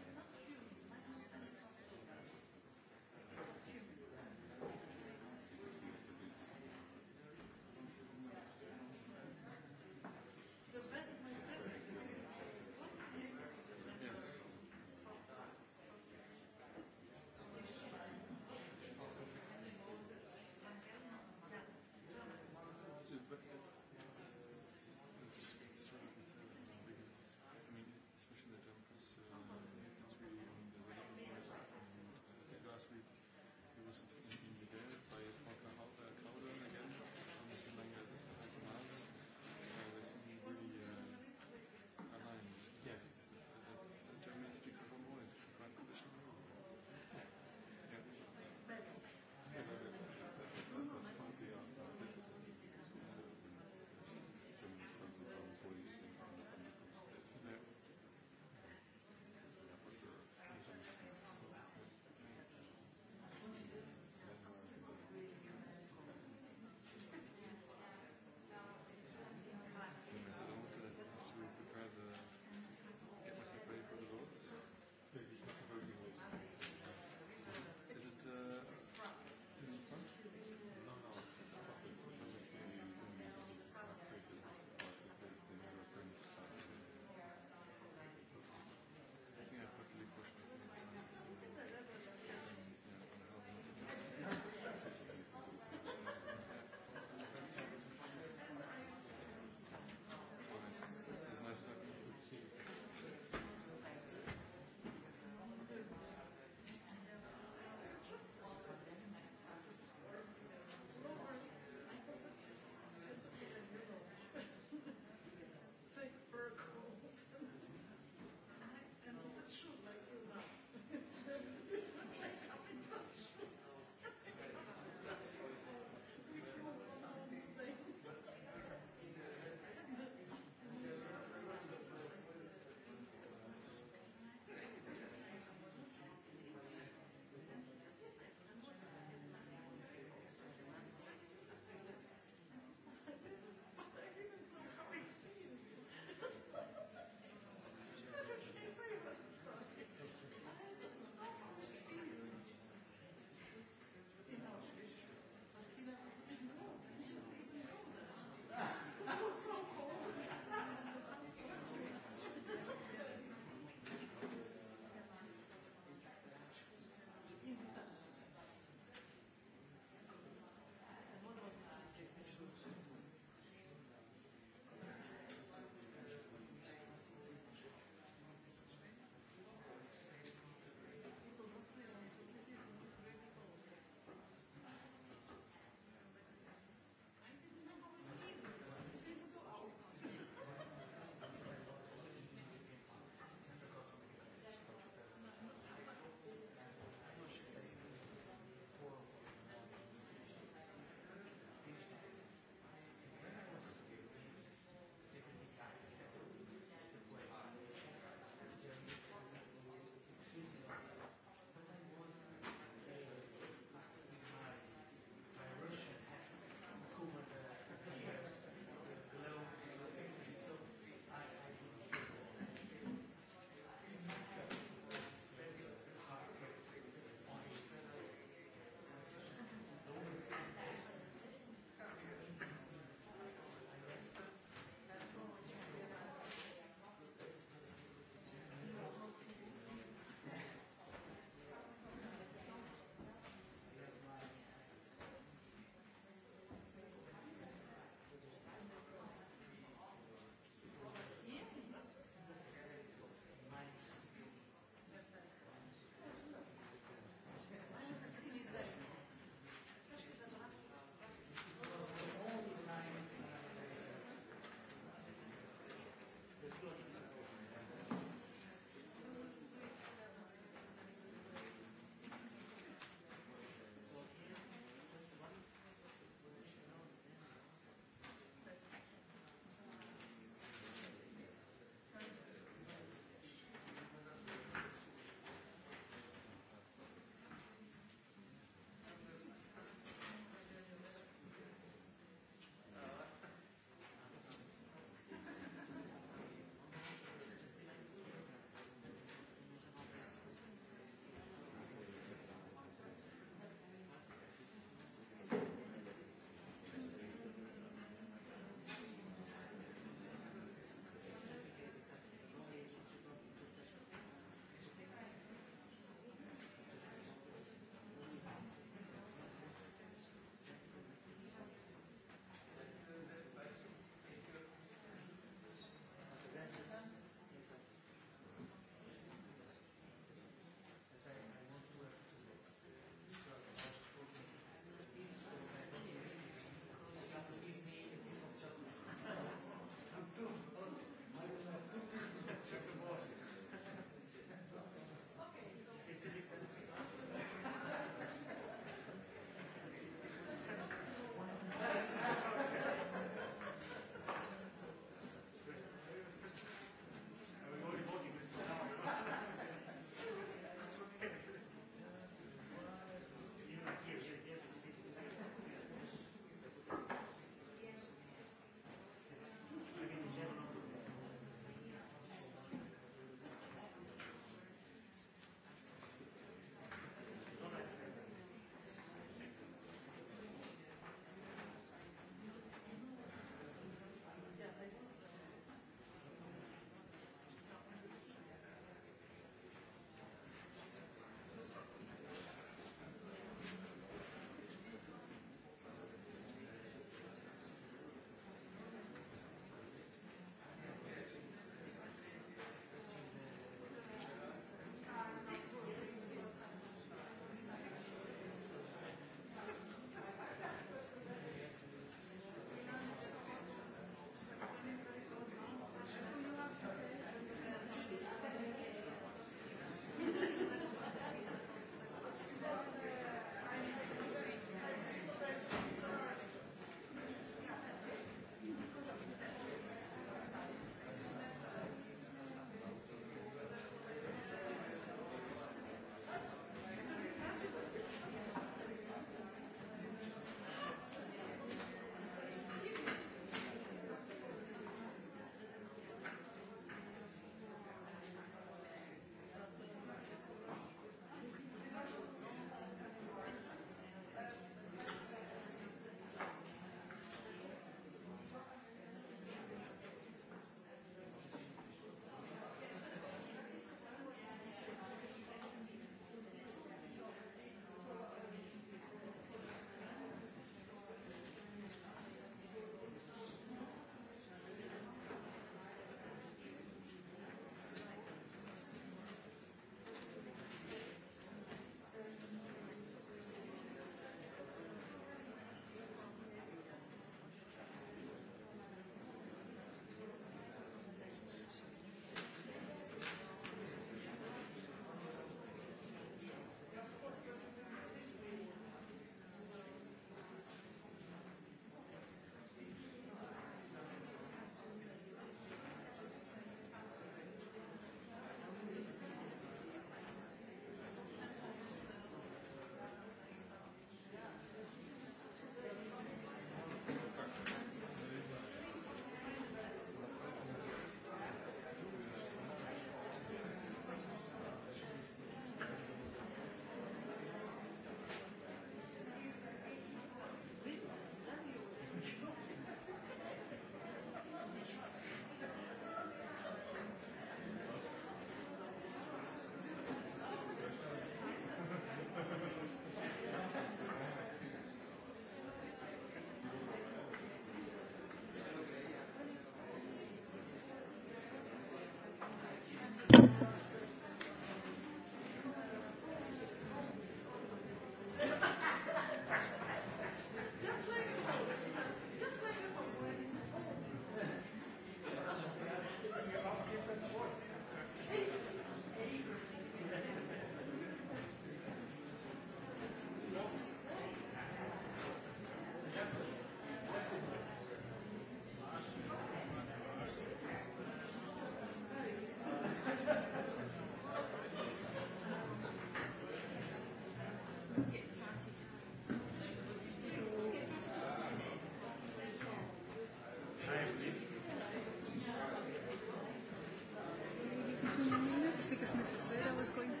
Mrs. Reda was going to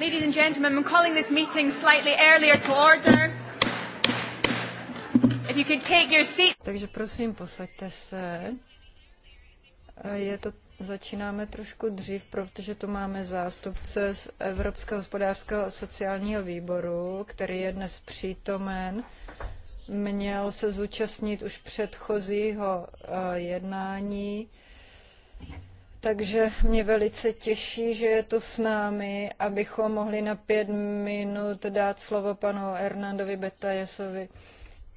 Ladies and gentlemen, I'm calling this meeting slightly earlier to order. If you could take your seat. Takže prosím, posaďte se. Je to, začínáme trošku dřív, protože tu máme zástupce z Evropského hospodářského a sociálního výboru, který je dnes přítomen. Měl se zúčastnit už předchozího eh, jednání takže mě velice těší, že je tu s námi, abychom mohli na pět minut dát slovo panu Hernandovi Betajesovi.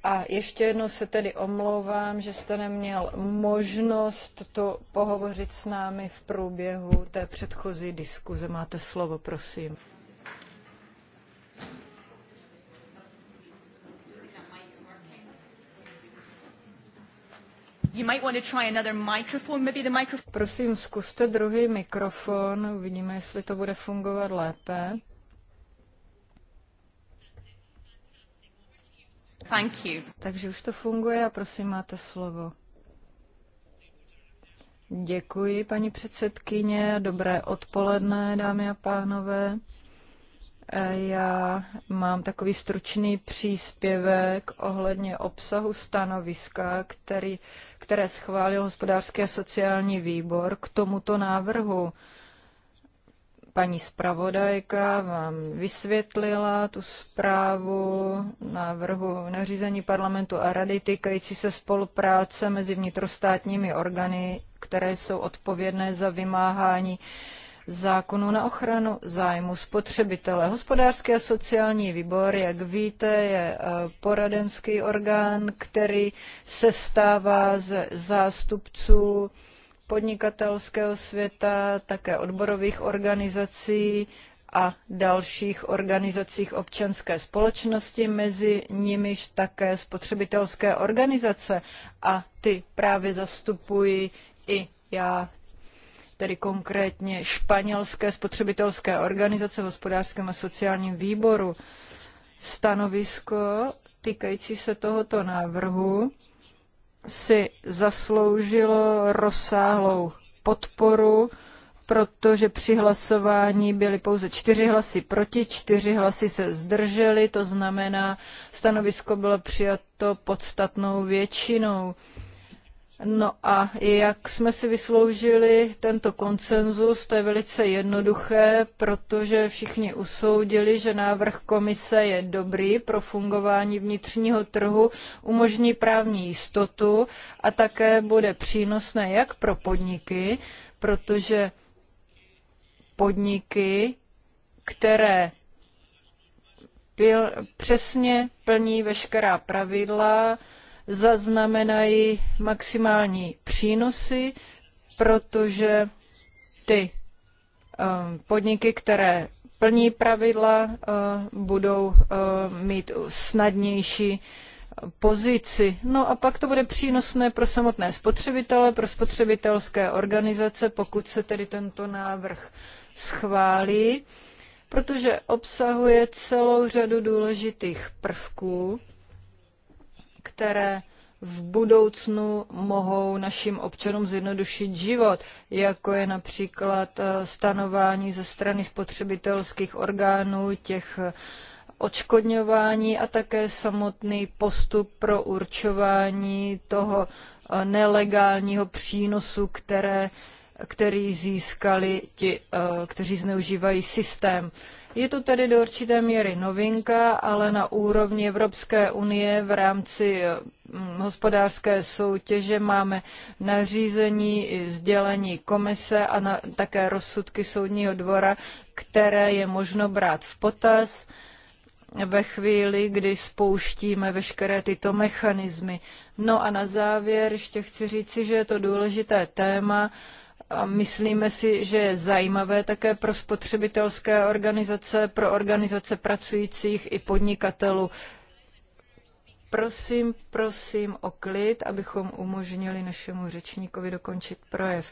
A ještě jednou se tedy omlouvám, že jste neměl možnost to pohovořit s námi v průběhu té předchozí diskuze. Máte slovo, prosím. Prosím, zkuste druhý mikrofon, uvidíme, jestli to bude fungovat lépe. Thank you. Takže už to funguje a prosím, máte slovo. Děkuji, paní předsedkyně. Dobré odpoledne, dámy a pánové. Já mám takový stručný příspěvek ohledně obsahu stanoviska, který, které schválil hospodářský a sociální výbor k tomuto návrhu. Paní zpravodajka vám vysvětlila tu zprávu návrhu nařízení parlamentu a rady týkající se spolupráce mezi vnitrostátními orgány, které jsou odpovědné za vymáhání zákonu na ochranu zájmu spotřebitele. Hospodářský a sociální výbor, jak víte, je eh, poradenský orgán, který se stává ze zástupců podnikatelského světa, také odborových organizací a dalších organizacích občanské společnosti, mezi nimiž také spotřebitelské organizace a ty právě zastupuji i já tedy konkrétně španělské spotřebitelské organizace v hospodářském a sociálním výboru. Stanovisko týkající se tohoto návrhu si zasloužilo rozsáhlou podporu, protože při hlasování byly pouze čtyři hlasy proti, čtyři hlasy se zdržely, to znamená, stanovisko bylo přijato podstatnou většinou. No a jak jsme si vysloužili tento konsenzus, to je velice jednoduché, protože všichni usoudili, že návrh komise je dobrý pro fungování vnitřního trhu, umožní právní jistotu a také bude přínosné jak pro podniky, protože podniky, které pil, přesně plní veškerá pravidla, zaznamenají maximální přínosy, protože ty um, podniky, které plní pravidla, uh, budou uh, mít snadnější pozici. No a pak to bude přínosné pro samotné spotřebitele, pro spotřebitelské organizace, pokud se tedy tento návrh schválí, protože obsahuje celou řadu důležitých prvků, které v budoucnu mohou našim občanům zjednodušit život, jako je například eh, stanování ze strany spotřebitelských orgánů těch eh, odškodňování a také samotný postup pro určování toho eh, nelegálního přínosu, které, který získali ti, kteří zneužívají systém. Je to tedy do určité míry novinka, ale na úrovni Evropské unie v rámci eh, hospodářské soutěže máme nařízení i sdělení komise a na, také rozsudky soudního dvora, které je možno brát v potaz ve chvíli, kdy spouštíme veškeré tyto mechanismy. No a na závěr ještě chci říci, že je to důležité téma, a myslíme si, že je zajímavé také pro spotřebitelské organizace, pro organizace pracujících i podnikatelů. Prosím, prosím o klid, abychom umožnili našemu řečníkovi dokončit projev.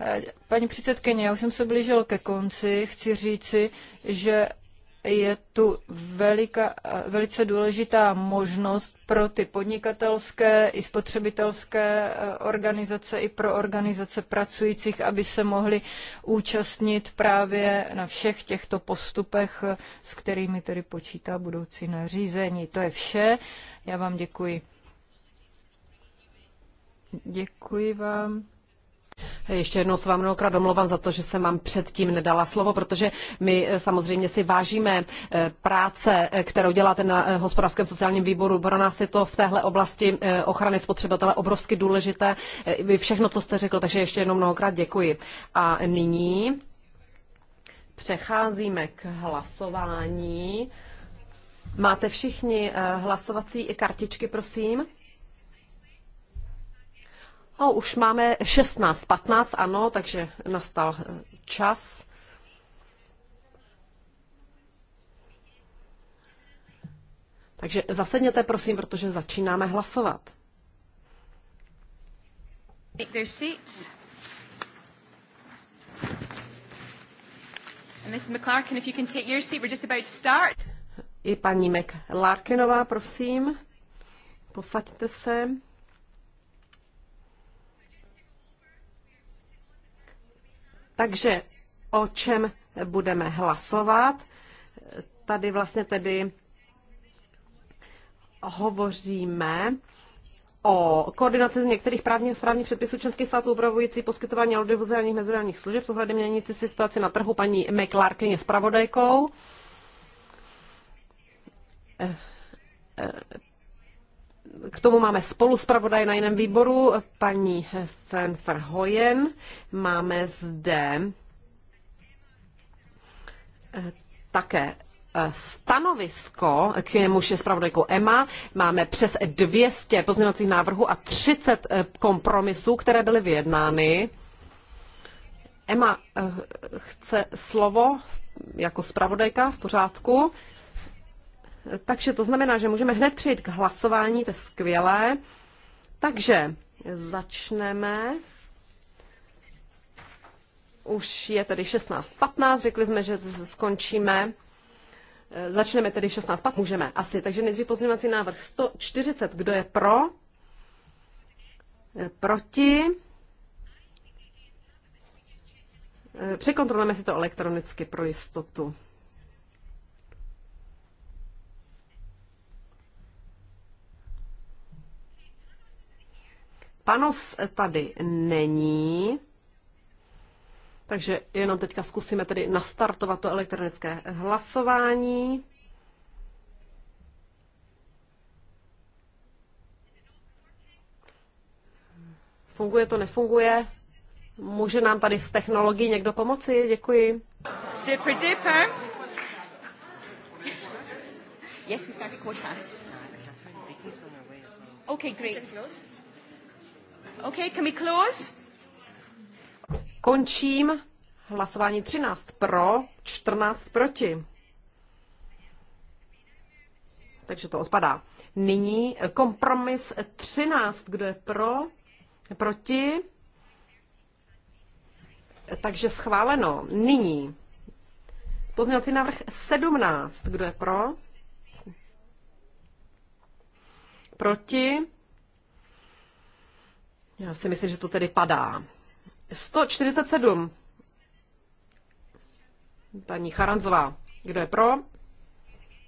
Eh, paní předsedkyně, já už jsem se blížil ke konci. Chci říci, že je tu velika, velice důležitá možnost pro ty podnikatelské i spotřebitelské eh, organizace, i pro organizace pracujících, aby se mohly účastnit právě na všech těchto postupech, s kterými tedy počítá budoucí nařízení. To je vše. Já vám děkuji. Děkuji vám. Ještě jednou se vám mnohokrát domlouvám za to, že jsem vám předtím nedala slovo, protože my eh, samozřejmě si vážíme eh, práce, eh, kterou děláte na hospodářském sociálním výboru. Pro nás je to v téhle oblasti ochrany spotřebitele obrovsky důležité. Vy všechno, co jste řekl, takže ještě jednou mnohokrát děkuji. A nyní přecházíme k hlasování. Máte všichni hlasovací kartičky, prosím? O, no, už máme 16.15, ano, takže nastal eh, čas. Takže zasedněte, prosím, protože začínáme hlasovat. Take their seats. And Mrs. McClarkin, if you can take your seat, we're just about to start. I paní McLarkinová, prosím, posaďte se. Takže o čem budeme hlasovat? Tady vlastně tedy hovoříme o koordinaci z některých právních a správních předpisů členských států upravující poskytování audiovizuálních mezinárodních služeb s ohledem měnící si situaci na trhu. Paní McClarkin je zpravodajkou. Eh, eh, k tomu máme spolu zpravodaj na jiném výboru, paní Fen Verhoyen. Máme zde eh, také eh, stanovisko, k němuž je zpravodajkou EMA. Máme přes 200 pozměňovacích návrhů a 30 eh, kompromisů, které byly vyjednány. Ema chce slovo jako zpravodajka v pořádku. Takže to znamená, že můžeme hned přijít k hlasování, to je skvělé. Takže začneme. Už je tedy 16.15, řekli jsme, že skončíme. Eh, začneme tedy 16.15, můžeme asi. Takže nejdřív pozměňovací návrh 140, kdo je pro? Eh, proti? Eh, překontrolujeme si to elektronicky pro jistotu. Panos tady není, takže jenom teďka zkusíme tedy nastartovat to elektronické hlasování. Funguje to, nefunguje? Může nám tady z technologií někdo pomoci? Děkuji. Super duper. Yes, we start the podcast. Okay, great. Okay, can we close? Končím hlasování 13 pro, 14 proti. Takže to odpadá. Nyní kompromis 13. Kdo je pro? Proti? Takže schváleno. Nyní pozměňovací návrh 17. Kdo je pro? Proti? Já si myslím, že to tedy padá. 147. Paní Charanzová, kdo je pro?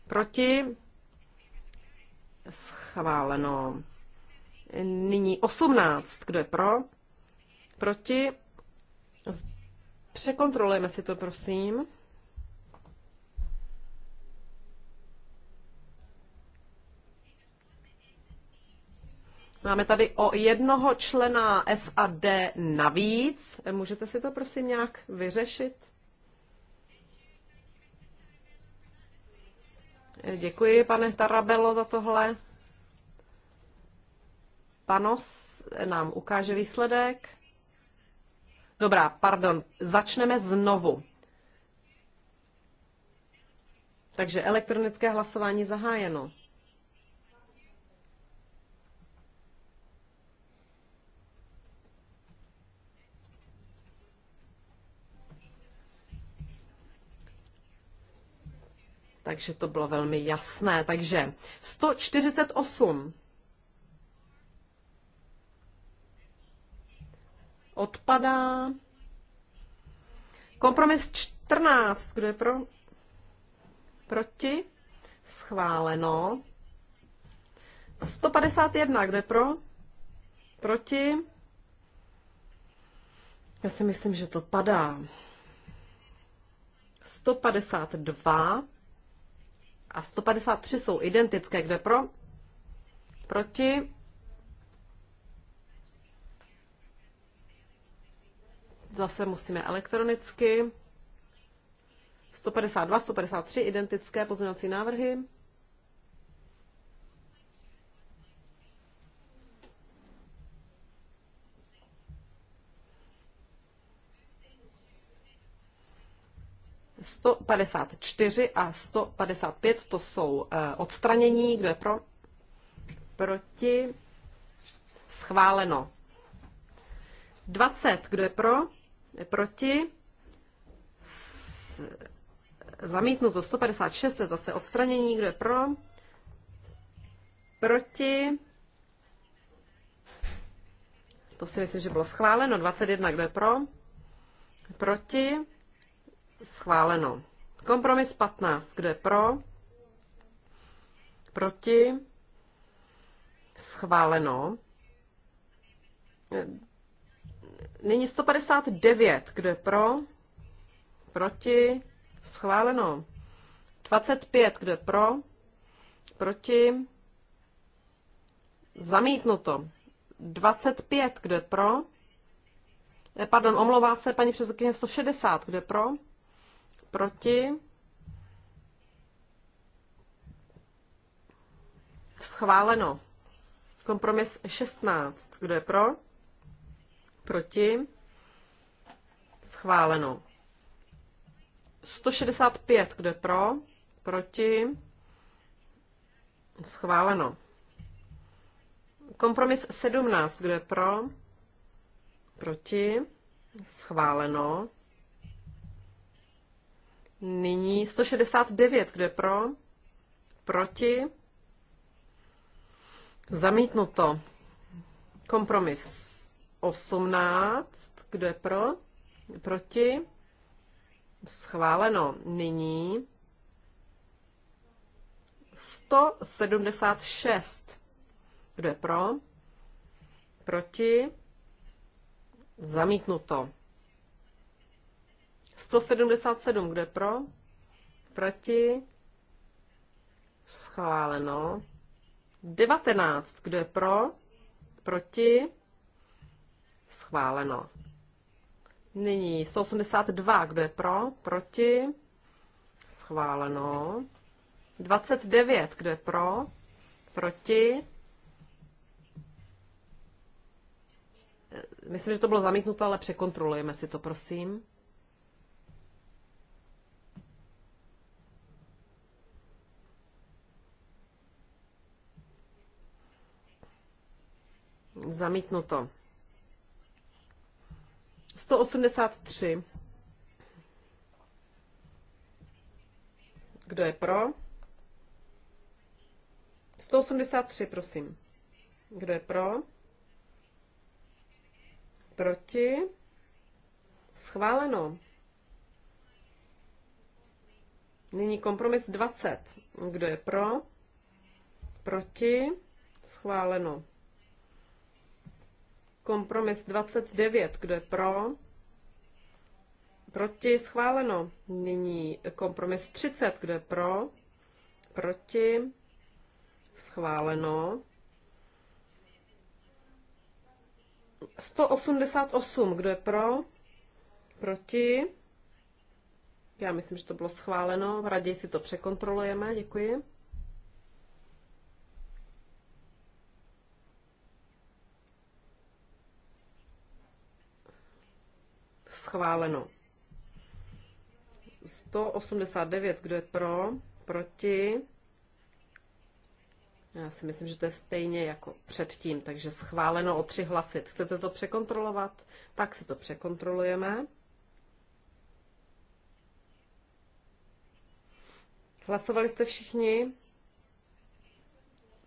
Proti? Schváleno. Nyní 18. Kdo je pro? Proti? Překontrolujeme si to, prosím. Máme tady o jednoho člena SAD navíc. Můžete si to prosím nějak vyřešit? Děkuji, pane Tarabello, za tohle. Panos nám ukáže výsledek. Dobrá, pardon, začneme znovu. Takže elektronické hlasování zahájeno. Takže to bylo velmi jasné. Takže 148 odpadá. Kompromis 14. Kdo je pro? Proti? Schváleno. 151. Kdo je pro? Proti? Já si myslím, že to padá. 152 a 153 jsou identické. Kde pro? Proti? Zase musíme elektronicky. 152, 153 identické pozměňovací návrhy. 154 a 155, to jsou eh, odstranění, kdo je pro, proti, schváleno. 20, kdo je pro, je proti, zamítnuto 156, to je zase odstranění, kdo je pro, proti, to si myslím, že bylo schváleno, 21, kdo je pro, proti, Schváleno. Kompromis 15. Kdo je pro? Proti? Schváleno. Nyní 159. Kdo je pro? Proti? Schváleno. 25. Kdo je pro? Proti? Zamítnuto. 25. Kdo je pro? Eh, pardon, omlouvá se paní předsedkyně 160. Kdo je pro? Proti? Schváleno. Kompromis 16. Kdo je pro? Proti? Schváleno. 165. Kdo je pro? Proti? Schváleno. Kompromis 17. Kdo je pro? Proti? Schváleno. Nyní 169, kde pro, proti, zamítnuto. Kompromis 18, kde pro, proti, schváleno. Nyní 176, kde pro, proti, zamítnuto. 177, kde pro? Proti? Schváleno. 19, kde pro? Proti? Schváleno. Nyní 182, kdo je pro? Proti? Schváleno. 29, kdo je pro? Proti? Myslím, že to bylo zamítnuto, ale překontrolujeme si to, prosím. Zamítnuto. 183. Kdo je pro? 183, prosím. Kdo je pro? Proti? Schváleno. Nyní kompromis 20. Kdo je pro? Proti? Schváleno. Kompromis 29, kdo je pro? Proti schváleno. Nyní kompromis 30, kdo je pro? Proti schváleno. 188, kdo je pro? Proti? Já myslím, že to bylo schváleno. Raději si to překontrolujeme. Děkuji. schváleno. 189, kdo je pro, proti. Já si myslím, že to je stejně jako předtím, takže schváleno o tři hlasy. Chcete to překontrolovat? Tak si to překontrolujeme. Hlasovali jste všichni?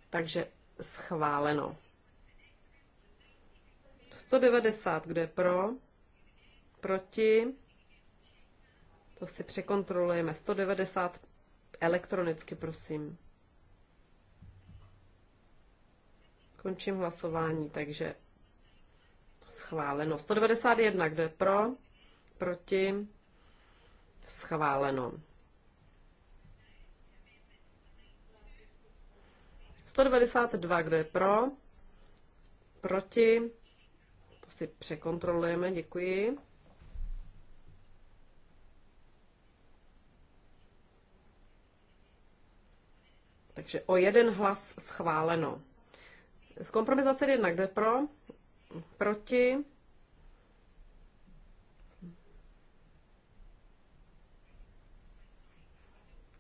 Takže schváleno. 190, kdo je pro? proti, to si překontrolujeme, 190 elektronicky, prosím. Končím hlasování, takže schváleno. 191, kdo je pro, proti, schváleno. 192, kdo je pro, proti, to si překontrolujeme, děkuji. Takže o jeden hlas schváleno. Kompromisace jedna, kdo je pro? Proti?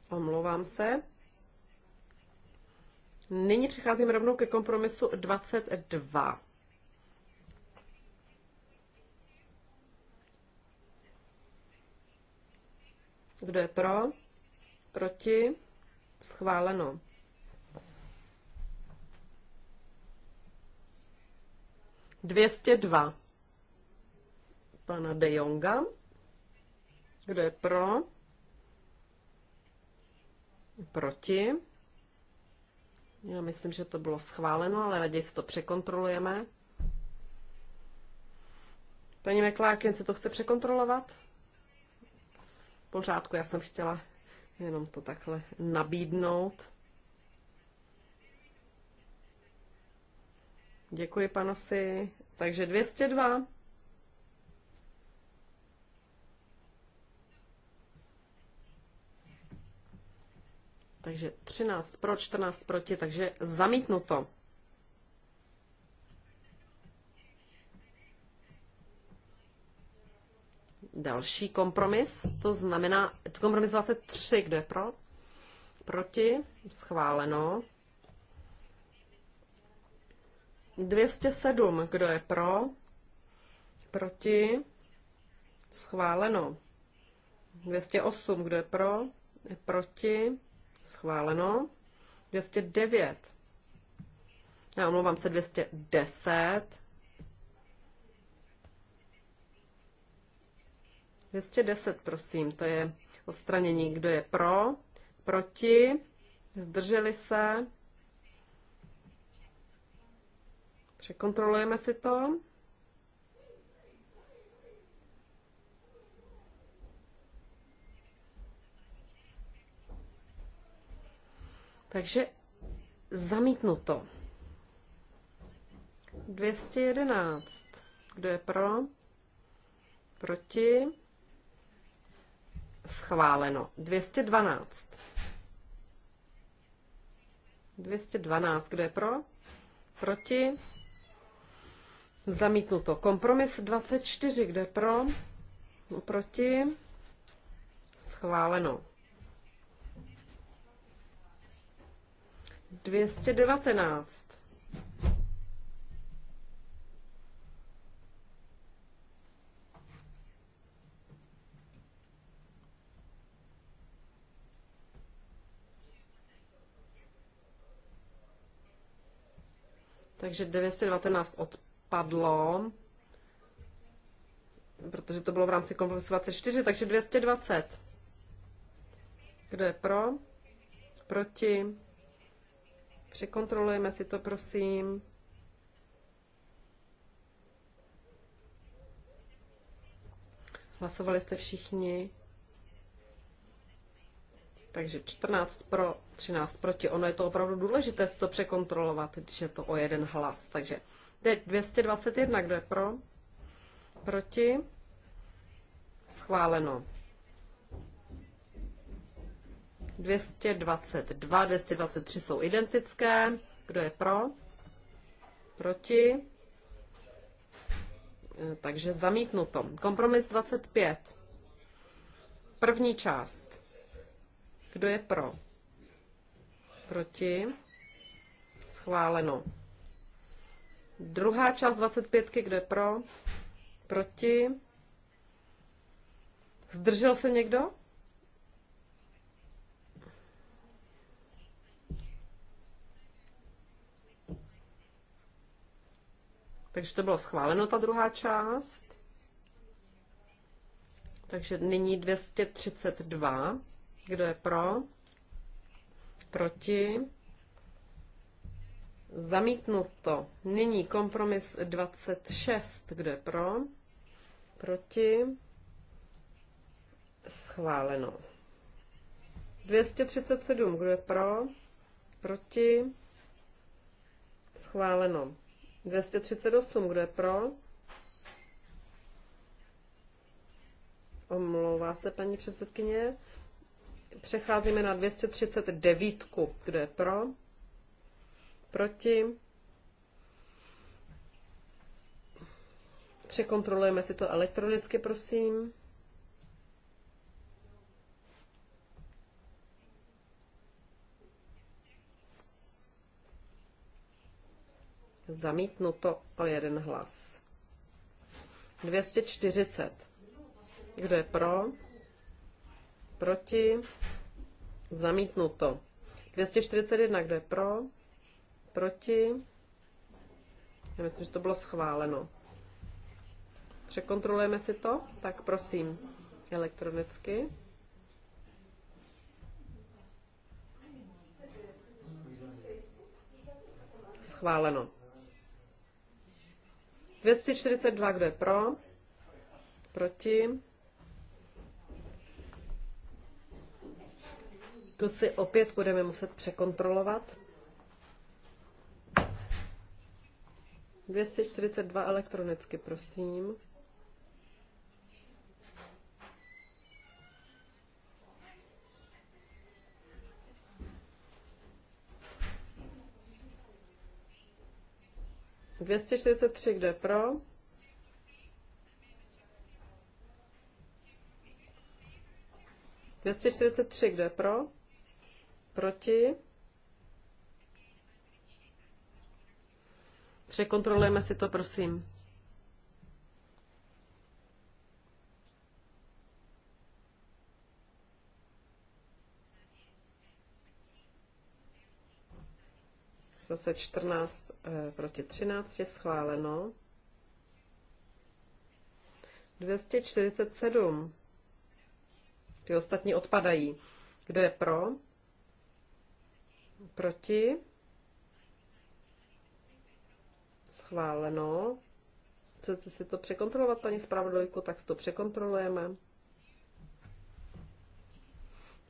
Omlouvám se. Nyní přicházím rovnou ke kompromisu 22. Kdo je pro? Proti? Schváleno. 202 pana De Jonga. Kdo je pro? Proti? Já myslím, že to bylo schváleno, ale raději si to překontrolujeme. Paní McLarkin se to chce překontrolovat? V pořádku, já jsem chtěla jenom to takhle nabídnout. Děkuji, panasi. Takže 202. Takže 13 pro, 14 proti, takže zamítnuto. Další kompromis, to znamená kompromis 23, kdo je pro? Proti, schváleno. 207. Kdo je pro? Proti? Schváleno. 208. Kdo je pro? Je proti? Schváleno. 209. Já omlouvám se 210. 210, prosím, to je odstranění. Kdo je pro? Proti? Zdrželi se? Překontrolujeme si to. Takže zamítnuto. 211. Kdo je pro? Proti? Schváleno. 212. 212. Kdo je pro? Proti? Zamítnuto. Kompromis 24, kde pro? Proti? Schváleno. 219. Takže 219 od padlo, protože to bylo v rámci kompromisu 24, takže 220. Kdo je pro? Proti? Překontrolujeme si to, prosím. Hlasovali jste všichni. Takže 14 pro, 13 proti. Ono je to opravdu důležité si to překontrolovat, když je to o jeden hlas. Takže Teď 221, kdo je pro? Proti? Schváleno. 222, 223 jsou identické. Kdo je pro? Proti? E, takže zamítnuto. Kompromis 25. První část. Kdo je pro? Proti? Schváleno. Druhá část 25, kde pro? Proti? Zdržel se někdo? Takže to bylo schváleno, ta druhá část. Takže nyní 232. Kdo je pro? Proti? Zamítnuto. Nyní kompromis 26. Kdo je pro? Proti? Schváleno. 237. Kdo je pro? Proti? Schváleno. 238. Kdo je pro? Omlouvá se paní předsedkyně. Přecházíme na 239. Kdo je pro? proti. Překontrolujeme si to elektronicky, prosím. Zamítnuto o jeden hlas. 240. Kdo je pro? Proti? Zamítnuto. 241. Kdo je pro? Proti? Já myslím, že to bylo schváleno. Překontrolujeme si to? Tak prosím, elektronicky. Schváleno. 242, kdo je pro? Proti? Tu si opět budeme muset překontrolovat. 242 elektronicky, prosím. Dvěstě čtyřicet tři, kde pro? Dvěstě čtyřicet tři, kde pro? Proti? Překontrolujeme si to, prosím. Zase 14 eh, proti 13 je schváleno. 247. Ty ostatní odpadají. Kdo je pro? Proti? schváleno. Chcete si to překontrolovat, paní zpravodajku, tak si to překontrolujeme.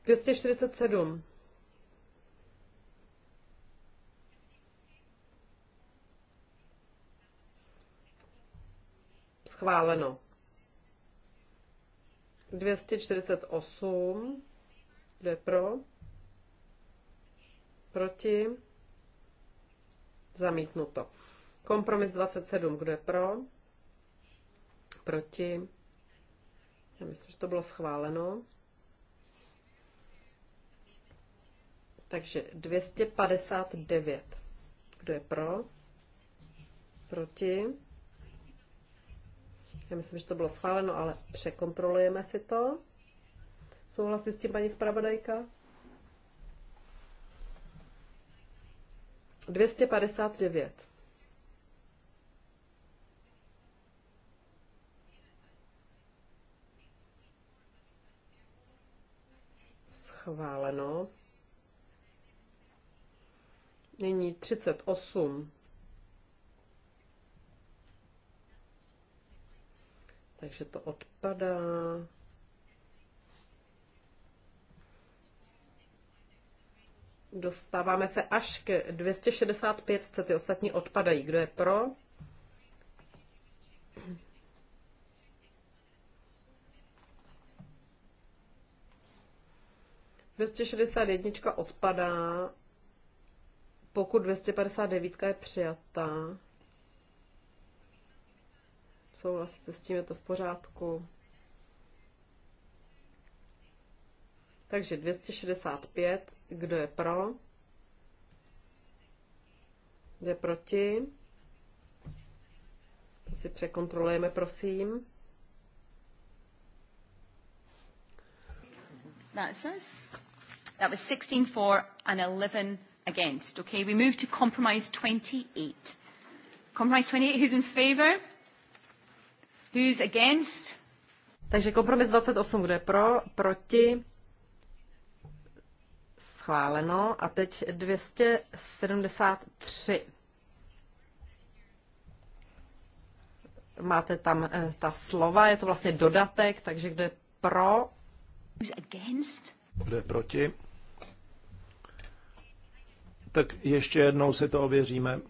247. Schváleno. 248. Kdo je pro? Proti? Zamítnuto. Kompromis 27, kdo je pro? Proti? Já myslím, že to bylo schváleno. Takže 259. Kdo je pro? Proti? Já myslím, že to bylo schváleno, ale překontrolujeme si to. Souhlasí s tím paní zpravodajka? 259. schváleno. Nyní 38. Takže to odpadá. Dostáváme se až k 265, ty ostatní odpadají. Kdo je pro? 261 odpadá, pokud 259 je přijatá. Souhlasíte s tím, je to v pořádku. Takže 265, kdo je pro? Kdo je proti? To si překontrolujeme, prosím. That says That was 16 for and 11 against. OK, we move to compromise 28. Compromise 28, who's in favour? Who's against? Takže kompromis 28, kdo je pro, proti, schváleno. A teď 273. Máte tam eh, ta slova, je to vlastně dodatek, takže kdo je pro? Kdo je proti? Tak ještě jednou si to ověříme.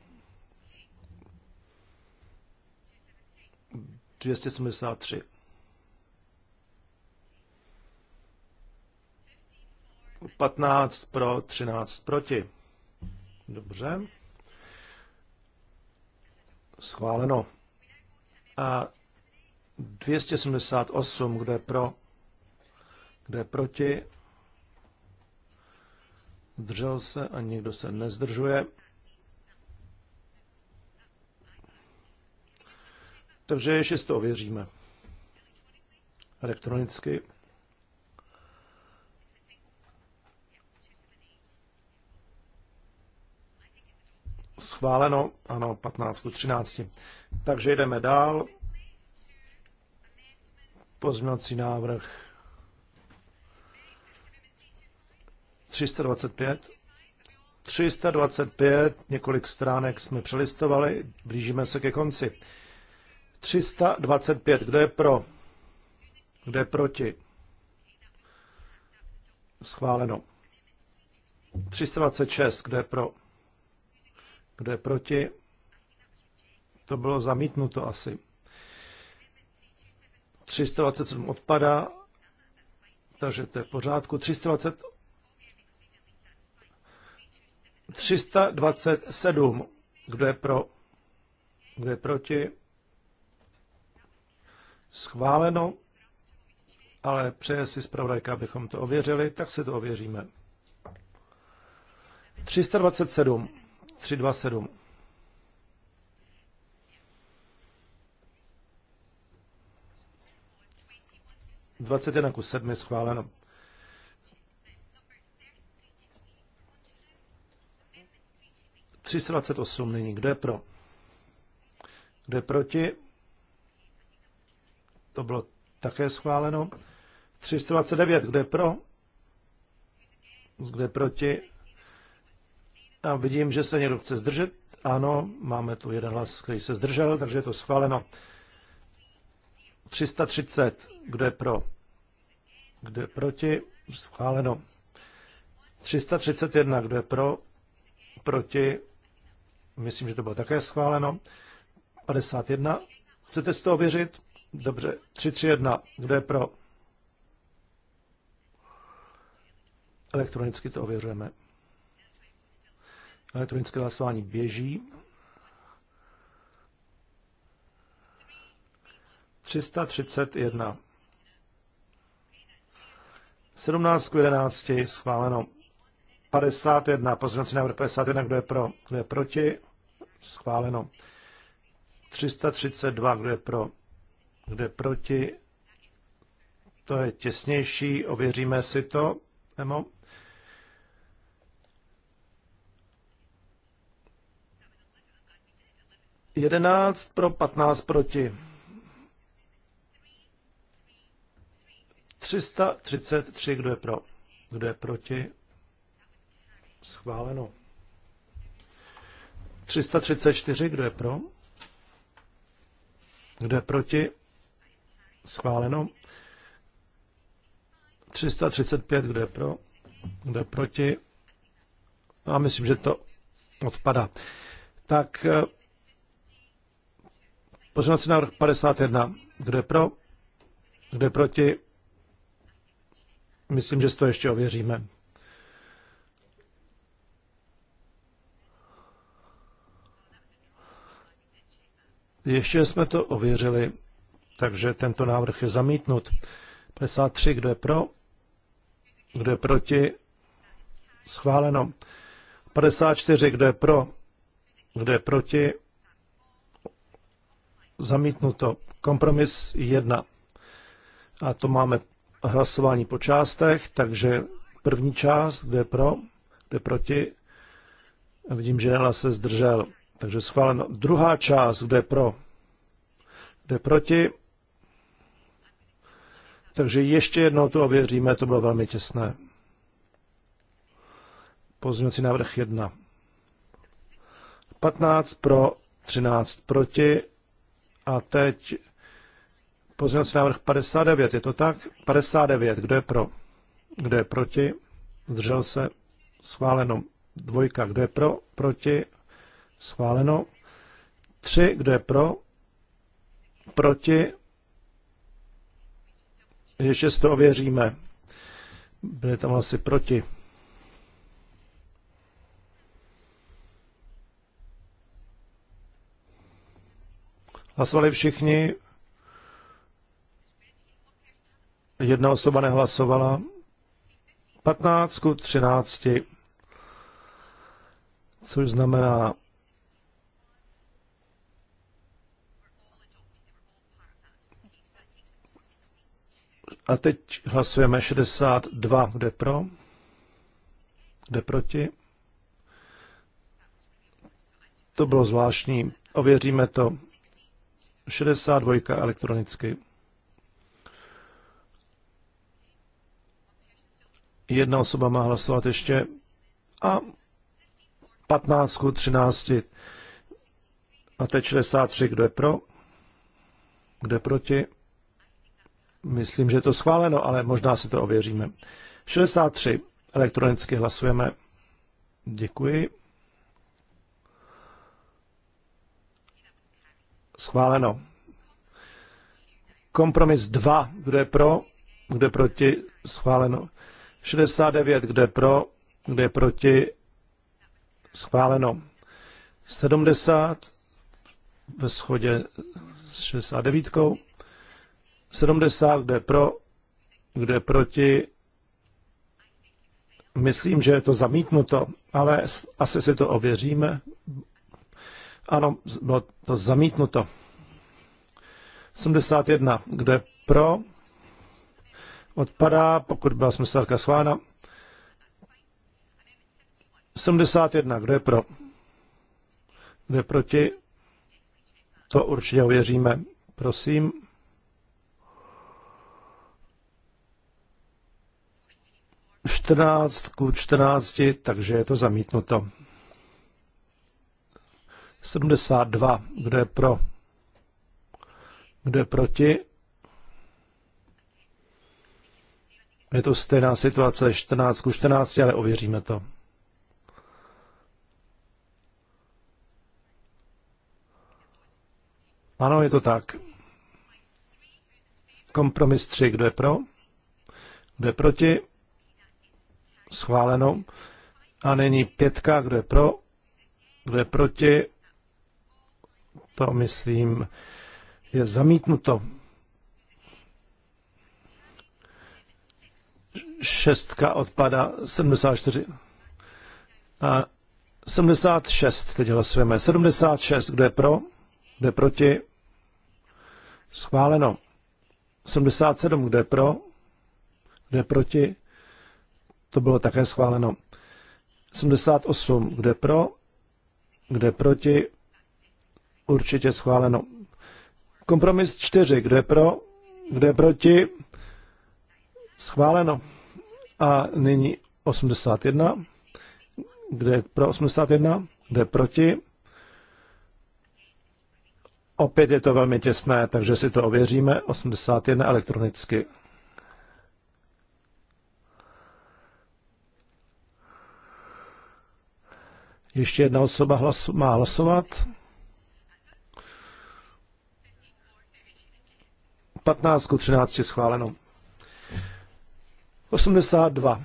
273. 15 pro, 13 proti. Dobře. Schváleno. A 278, kde pro, kde proti, zdržel se a nikdo se nezdržuje. Takže ještě si to ověříme. Elektronicky. Schváleno, ano, 15.13. Takže jdeme dál. Pozměňovací návrh 325. 325, několik stránek jsme přelistovali, blížíme se ke konci. 325, kdo je pro? Kdo je proti? Schváleno. 326, kdo je pro? Kdo je proti? To bylo zamítnuto asi. 327 odpadá, takže to je v pořádku. 328 327. Kdo je pro? Kdo je proti? Schváleno, ale přeje si zpravodajka, abychom to ověřili, tak si to ověříme. 327. 327. Dvacet jedna ku sedmi schváleno. 328 nyní. Kdo je pro? Kdo je proti? To bylo také schváleno. 329. Kdo je pro? Kdo je proti? A vidím, že se někdo chce zdržet. Ano, máme tu jeden hlas, který se zdržel, takže je to schváleno. 330. Kdo je pro? Kdo je proti? Schváleno. 331. Kdo je pro? Proti? Myslím, že to bylo také schváleno. 51. Chcete si to ověřit? Dobře. 331. Kdo je pro? Elektronicky to ověřujeme. Elektronické hlasování běží. 331. 17 k 11 schváleno. 51, pozměňovací návrh 51, kdo je pro, kdo je proti, schváleno. 332, kdo je pro, kdo je proti, to je těsnější, ověříme si to, Emo. Jedenáct pro, patnáct proti. 333, kdo je pro, kdo je proti, Schváleno. 334, kdo je pro? Kdo je proti? Schváleno. 335, kdo je pro? Kdo je proti? A myslím, že to odpadá. Tak eh, pořádací návrh 51. Kdo je pro? Kdo je proti? Myslím, že si to ještě ověříme. Ještě jsme to ověřili, takže tento návrh je zamítnut. 53, kdo je pro, kdo je proti, schváleno. 54, kdo je pro, kdo je proti, zamítnuto. Kompromis 1. A to máme hlasování po částech, takže první část, kdo je pro, kdo je proti. A vidím, že Nela se zdržel. Takže schváleno. Druhá část, kde pro, kde proti. Takže ještě jednou to ověříme, to bylo velmi těsné. Pozměňovací návrh 1. 15 pro, 13 proti. A teď pozměňovací návrh 59, je to tak? 59, kdo je pro? Kdo je proti? Zdržel se? Schváleno. Dvojka, kdo je pro? Proti? Schváleno. tři, Kdo je pro? Proti? Ještě si to ověříme. Byli tam asi proti. Hlasovali všichni. Jedna osoba nehlasovala. 15 ku 13. Což znamená A teď hlasujeme 62, kde pro, kde proti. To bylo zvláštní. Ověříme to. 62 elektronicky. Jedna osoba má hlasovat ještě. A 15 13. A teď 63, kdo je pro, kdo je proti. Myslím, že je to schváleno, ale možná si to ověříme. 63. Elektronicky hlasujeme. Děkuji. Schváleno. Kompromis 2. Kdo je pro? Kdo je proti? Schváleno. 69. Kdo je pro? Kdo je proti? Schváleno. 70 ve shodě s 69. 70, kde pro, kde proti. Myslím, že je to zamítnuto, ale asi si to ověříme. Ano, bylo to zamítnuto. 71, kde pro, odpadá, pokud byla smyslelka schválena. 71, kdo je pro? Kdo je proti? To určitě ověříme. Prosím. 14 ku 14, takže je to zamítnuto. 72. Kdo je pro? Kdo je proti? Je to stejná situace 14 ku 14, ale ověříme to. Ano, je to tak. Kompromis 3. Kdo je pro? Kdo je proti? schváleno. A není pětka, kdo je pro, kdo je proti. To, myslím, je zamítnuto. Šestka odpada 74. A 76 teď hlasujeme. 76, kdo je pro, kdo je proti. Schváleno. 77, kdo je pro, kdo je proti to bylo také schváleno. 78, kde pro, kde proti, určitě schváleno. Kompromis 4, kde pro, kde proti, schváleno. A nyní 81, kde pro 81, kde proti. Opět je to velmi těsné, takže si to ověříme. 81 elektronicky. Ještě jedna osoba hlas, má hlasovat. 15 k 13 je schváleno. 82.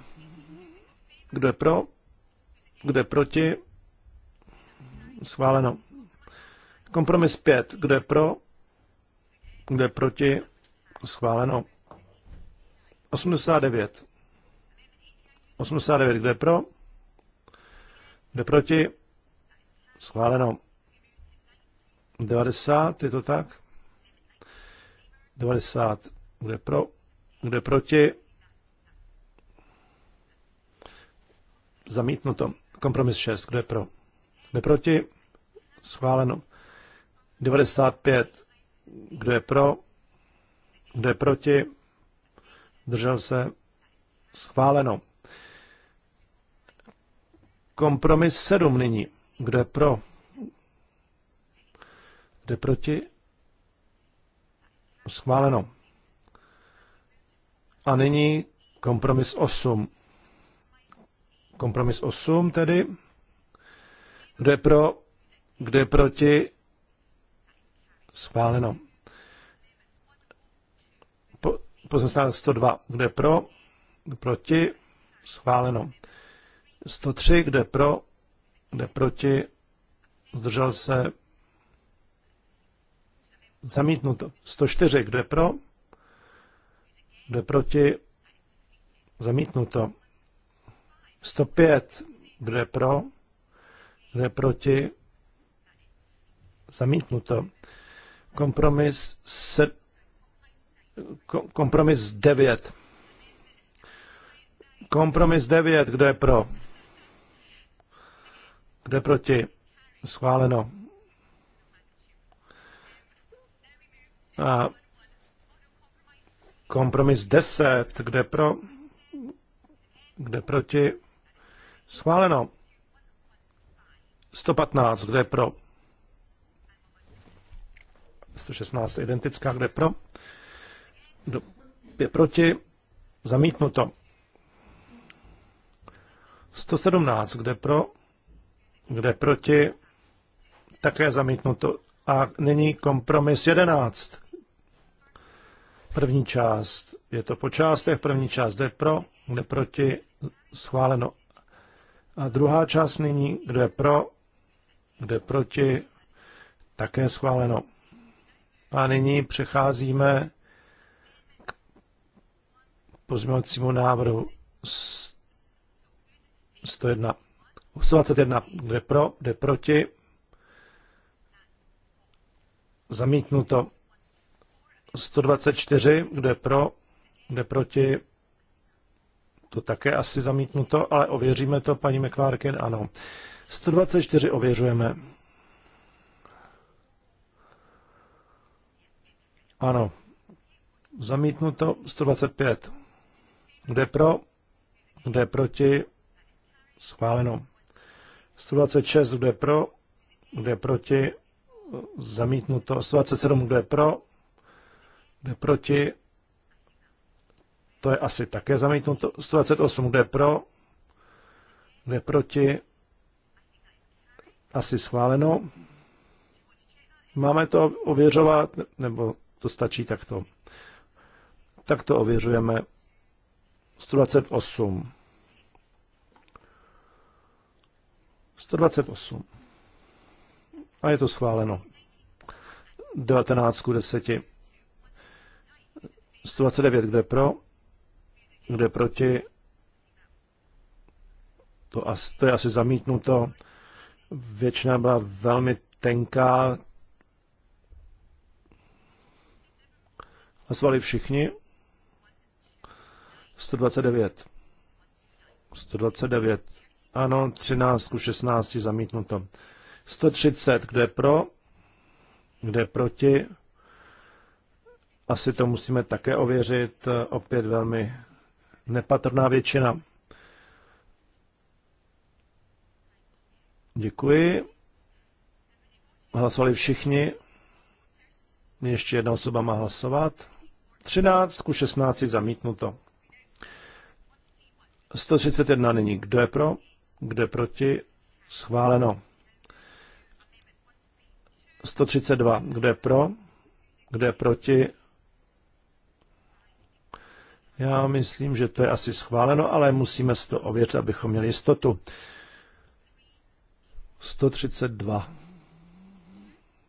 Kdo je pro? Kdo je proti? Schváleno. Kompromis 5. Kdo je pro? Kdo je proti? Schváleno. 89. 89. Kdo je pro? Jde proti? Schváleno. 90, je to tak? 90 Kde pro, Kde proti. Zamítnuto. Kompromis 6, Kde pro? Kde proti? Schváleno. 95, kdo je pro? Kdo je proti? Držel se? Schváleno. Kompromis 7 nyní. Kdo je pro? Kdo je proti? Schváleno. A nyní kompromis 8. Kompromis 8 tedy. Kdo je pro? Kdo je proti? Schváleno. Po, Poznamená 102. Kdo je pro? Proti? Schváleno. 103, kde pro, kde proti, zdržel se zamítnuto. 104, kde pro, kde proti, zamítnuto. 105, kde pro, kde proti, zamítnuto. Kompromis, se, kompromis 9. Kompromis 9, kdo je pro? Kde proti? Schváleno. A kompromis 10, kde pro, kde proti, schváleno. 115, kde pro, 116 identická, kde pro, kdo je proti, zamítnuto. 117, kde pro, kde proti, také zamítnuto. A nyní kompromis 11. První část, je to po částech, první část jde pro, kde proti, schváleno. A druhá část nyní, kde je pro, kde proti, také schváleno. A nyní přecházíme k pozměňovacímu návrhu 101. 121 jde pro, jde proti. Zamítnuto. 124, kde pro, kde proti, to také asi zamítnuto, ale ověříme to, paní McClarkin, ano. 124 ověřujeme. Ano. Zamítnuto 125. Kde pro, kde proti, schváleno. 126, kdo je pro, kdo je proti, zamítnuto. 127, kdo je pro, kdo je proti, to je asi také zamítnuto. 128, kdo je pro, kdo je proti, asi schváleno. Máme to ověřovat, nebo to stačí takto? Tak to ověřujeme. 128. 128. A je to schváleno. 19 k 10. 129, kde pro, kde proti. To, asi, to je asi zamítnuto. Většina byla velmi tenká. Hlasovali všichni. 129. 129 ano, 13 ku 16 zamítnuto. 130, kdo je pro, kdo je proti. Asi to musíme také ověřit. Opět velmi nepatrná většina. Děkuji. Hlasovali všichni. Ještě jedna osoba má hlasovat. 13 ku 16 zamítnuto. 131 nyní. Kdo je pro? kde proti, schváleno. 132, kde pro, kde proti. Já myslím, že to je asi schváleno, ale musíme si to ověřit, abychom měli jistotu. 132.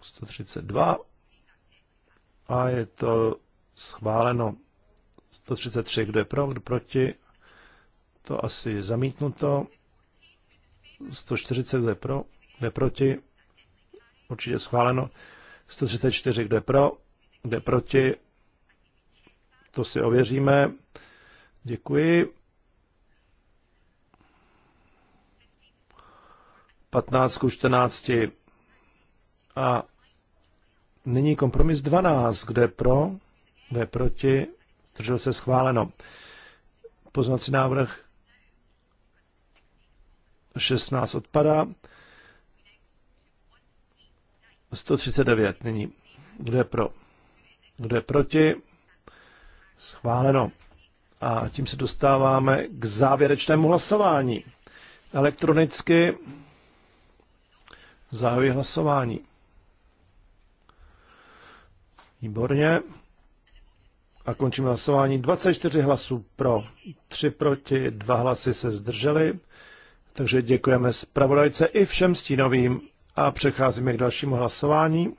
132 a je to schváleno. 133, kdo je pro, kdo proti, to asi je zamítnuto. 140, kdo je pro, kdo je proti, určitě schváleno. 134, kdo je pro, kdo je proti, to si ověříme. Děkuji. 15 ku 14. A nyní kompromis 12, kde je pro, kde je proti, držel se schváleno. Poznací návrh 16 odpadá. 139 nyní. Kdo je pro? Kdo je proti? Schváleno. A tím se dostáváme k závěrečnému hlasování. Elektronicky závěrečné hlasování. Výborně. A končím hlasování. 24 hlasů pro, 3 proti, 2 hlasy se zdrželi. Takže děkujeme zpravodajce i všem stínovým a přecházíme k dalšímu hlasování.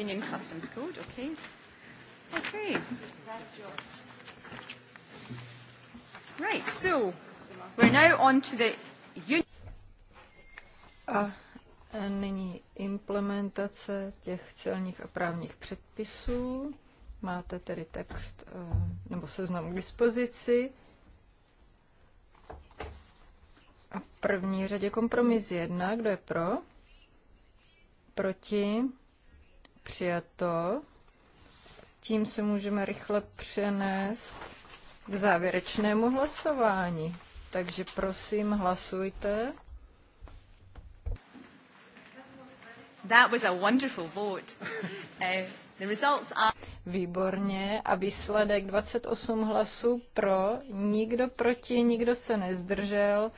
Union Customs Code, okay. Okay. Right, so we're now on to the... Union. Uh. Nyní implementace těch celních a právních předpisů. Máte tedy text eh, nebo seznam k dispozici. A v první řadě kompromis jedna, kdo je pro? Proti? Přijato. Tím se můžeme rychle přenést k závěrečnému hlasování. Takže prosím, hlasujte. That was a wonderful vote. Uh, the results are... Výborně a výsledek 28 hlasů pro, nikdo proti, nikdo se nezdržel.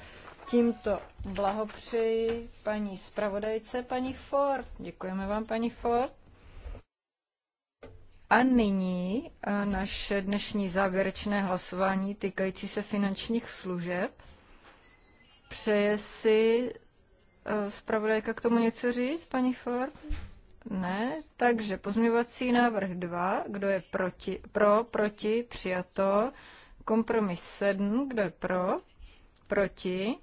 Tímto blahopřeji paní zpravodajce, paní Ford. Děkujeme vám, paní Ford. A nyní eh, naše dnešní závěrečné hlasování týkající se finančních služeb. Přeje si Eh, zpravodajka k tomu něco říct, paní Ford? Ne, takže pozměvací návrh 2, kdo je proti, pro, proti, přijato. Kompromis 7, kdo je pro, proti,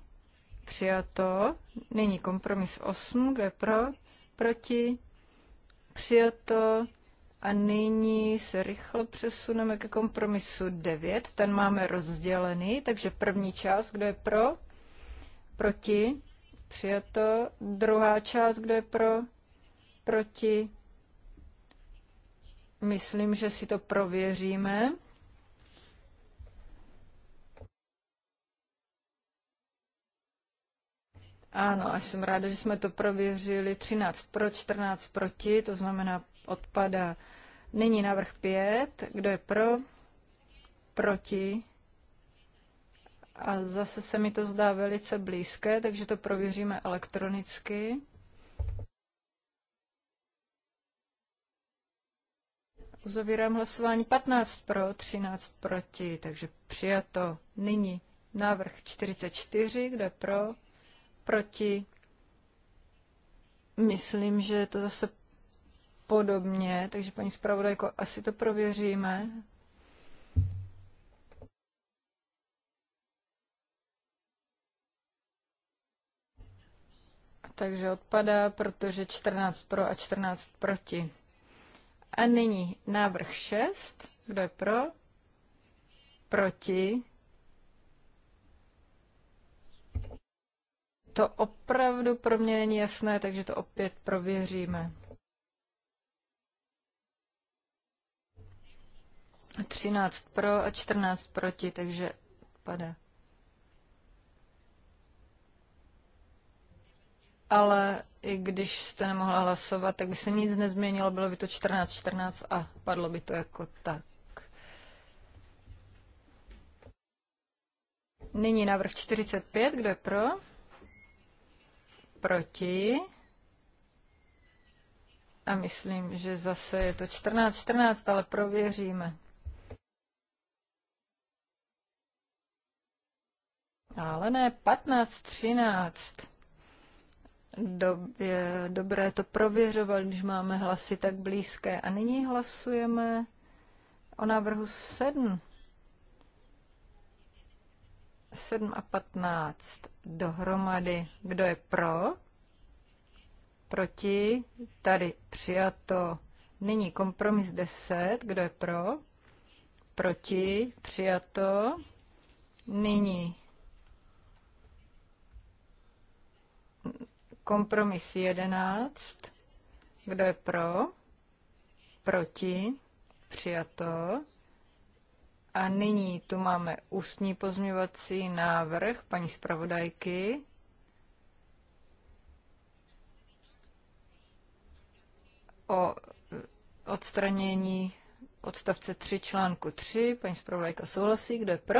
přijato. Nyní kompromis 8, kdo je pro, proti, přijato. A nyní se rychle přesuneme ke kompromisu 9, ten máme rozdělený, takže první část, kdo je pro, proti, Přijato. Druhá část, kdo je pro? Proti? Myslím, že si to prověříme. Ano, a jsem ráda, že jsme to prověřili. 13 pro, 14 proti, to znamená odpada. Nyní návrh 5. Kdo je pro? Proti? A zase se mi to zdá velice blízké, takže to prověříme elektronicky. Uzavírám hlasování 15 pro, 13 proti, takže přijato. Nyní návrh 44, kde pro, proti. Myslím, že je to zase podobně, takže paní zpravodajko, asi to prověříme. takže odpadá, protože 14 pro a 14 proti. A nyní návrh 6. Kdo je pro? Proti. To opravdu pro mě není jasné, takže to opět prověříme. 13 pro a 14 proti, takže padá. ale i když jste nemohla hlasovat, tak by se nic nezměnilo, bylo by to 14-14 a padlo by to jako tak. Nyní návrh 45, kdo je pro? Proti? A myslím, že zase je to 14-14, ale prověříme. Ale ne, 15-13 do, je dobré to prověřovat, když máme hlasy tak blízké. A nyní hlasujeme o návrhu 7. 7 a 15 dohromady. Kdo je pro? Proti? Tady přijato. Nyní kompromis 10. Kdo je pro? Proti? Přijato. Nyní Kompromis 11. Kdo je pro? Proti? Přijato. A nyní tu máme ústní pozměvací návrh paní zpravodajky. O odstranění odstavce 3 článku 3. Paní zpravodajka souhlasí. Kdo je pro?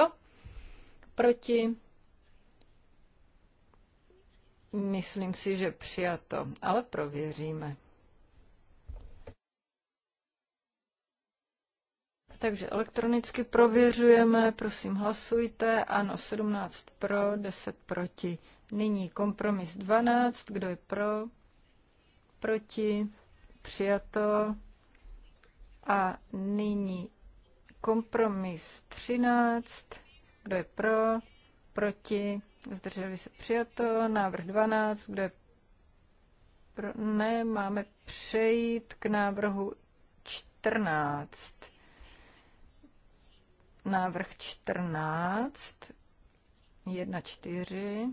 Proti? Myslím si, že přijato, ale prověříme. Takže elektronicky prověřujeme, prosím hlasujte. Ano, 17 pro, 10 proti. Nyní kompromis 12, kdo je pro, proti, přijato. A nyní kompromis 13, kdo je pro, proti, Zdrželi se přijato. Návrh 12, kdo je pro... Ne, máme přejít k návrhu 14. Návrh 14, 1, 4.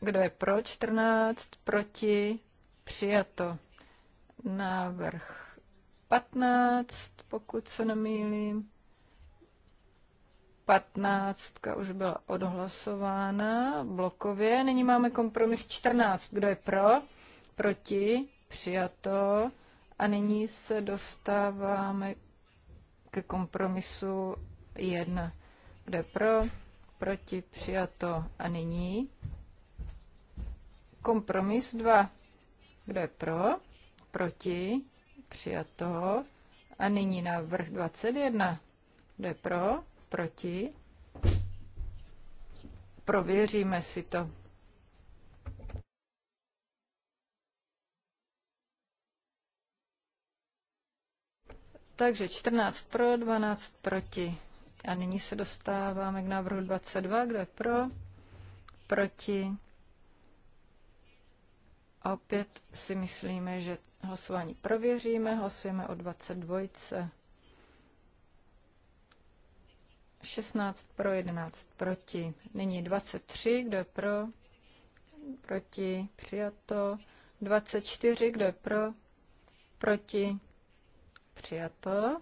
Kdo je pro 14, proti, přijato. Návrh 15, pokud se nemýlím. 15 už byla odhlasována blokově. Nyní máme kompromis 14. Kdo je pro? Proti? Přijato. A nyní se dostáváme ke kompromisu 1. Kdo je pro? Proti? Přijato. A nyní kompromis 2. Kdo je pro? Proti? Přijato. A nyní návrh 21. Kdo je pro? Proti? Prověříme si to. Takže 14 pro, 12 proti. A nyní se dostáváme k návrhu 22. Kdo je pro? Proti? Opět si myslíme, že hlasování prověříme. Hlasujeme o 22. 16 pro, 11 proti. Nyní 23, kdo je pro, proti, přijato. 24, kdo je pro, proti, přijato.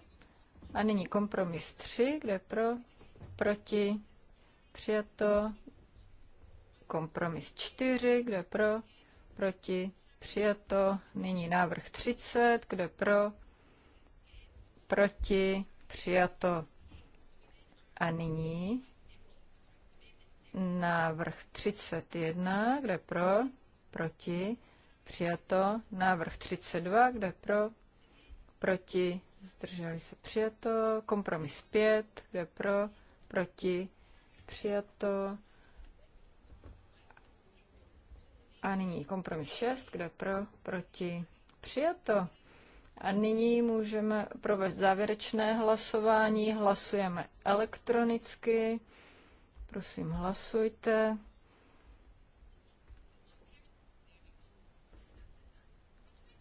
A nyní kompromis 3, kdo je pro, proti, přijato. Kompromis 4, kdo je pro, proti, přijato. Nyní návrh 30, kdo je pro, proti, přijato. A nyní návrh 31, kde pro, proti, přijato. Návrh 32, kde pro, proti, zdrželi se přijato. Kompromis 5, kde pro, proti, přijato. A nyní kompromis 6, kde pro, proti, přijato. A nyní můžeme provést závěrečné hlasování. Hlasujeme elektronicky. Prosím, hlasujte.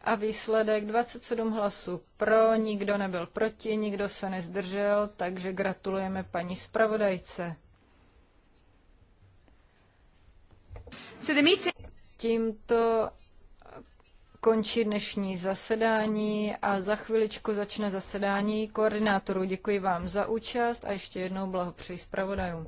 A výsledek 27 hlasů pro, nikdo nebyl proti, nikdo se nezdržel, takže gratulujeme paní zpravodajce. Tímto končí dnešní zasedání a za chviličku začne zasedání koordinátorů. Děkuji vám za účast a ještě jednou blahopřeji zpravodajům.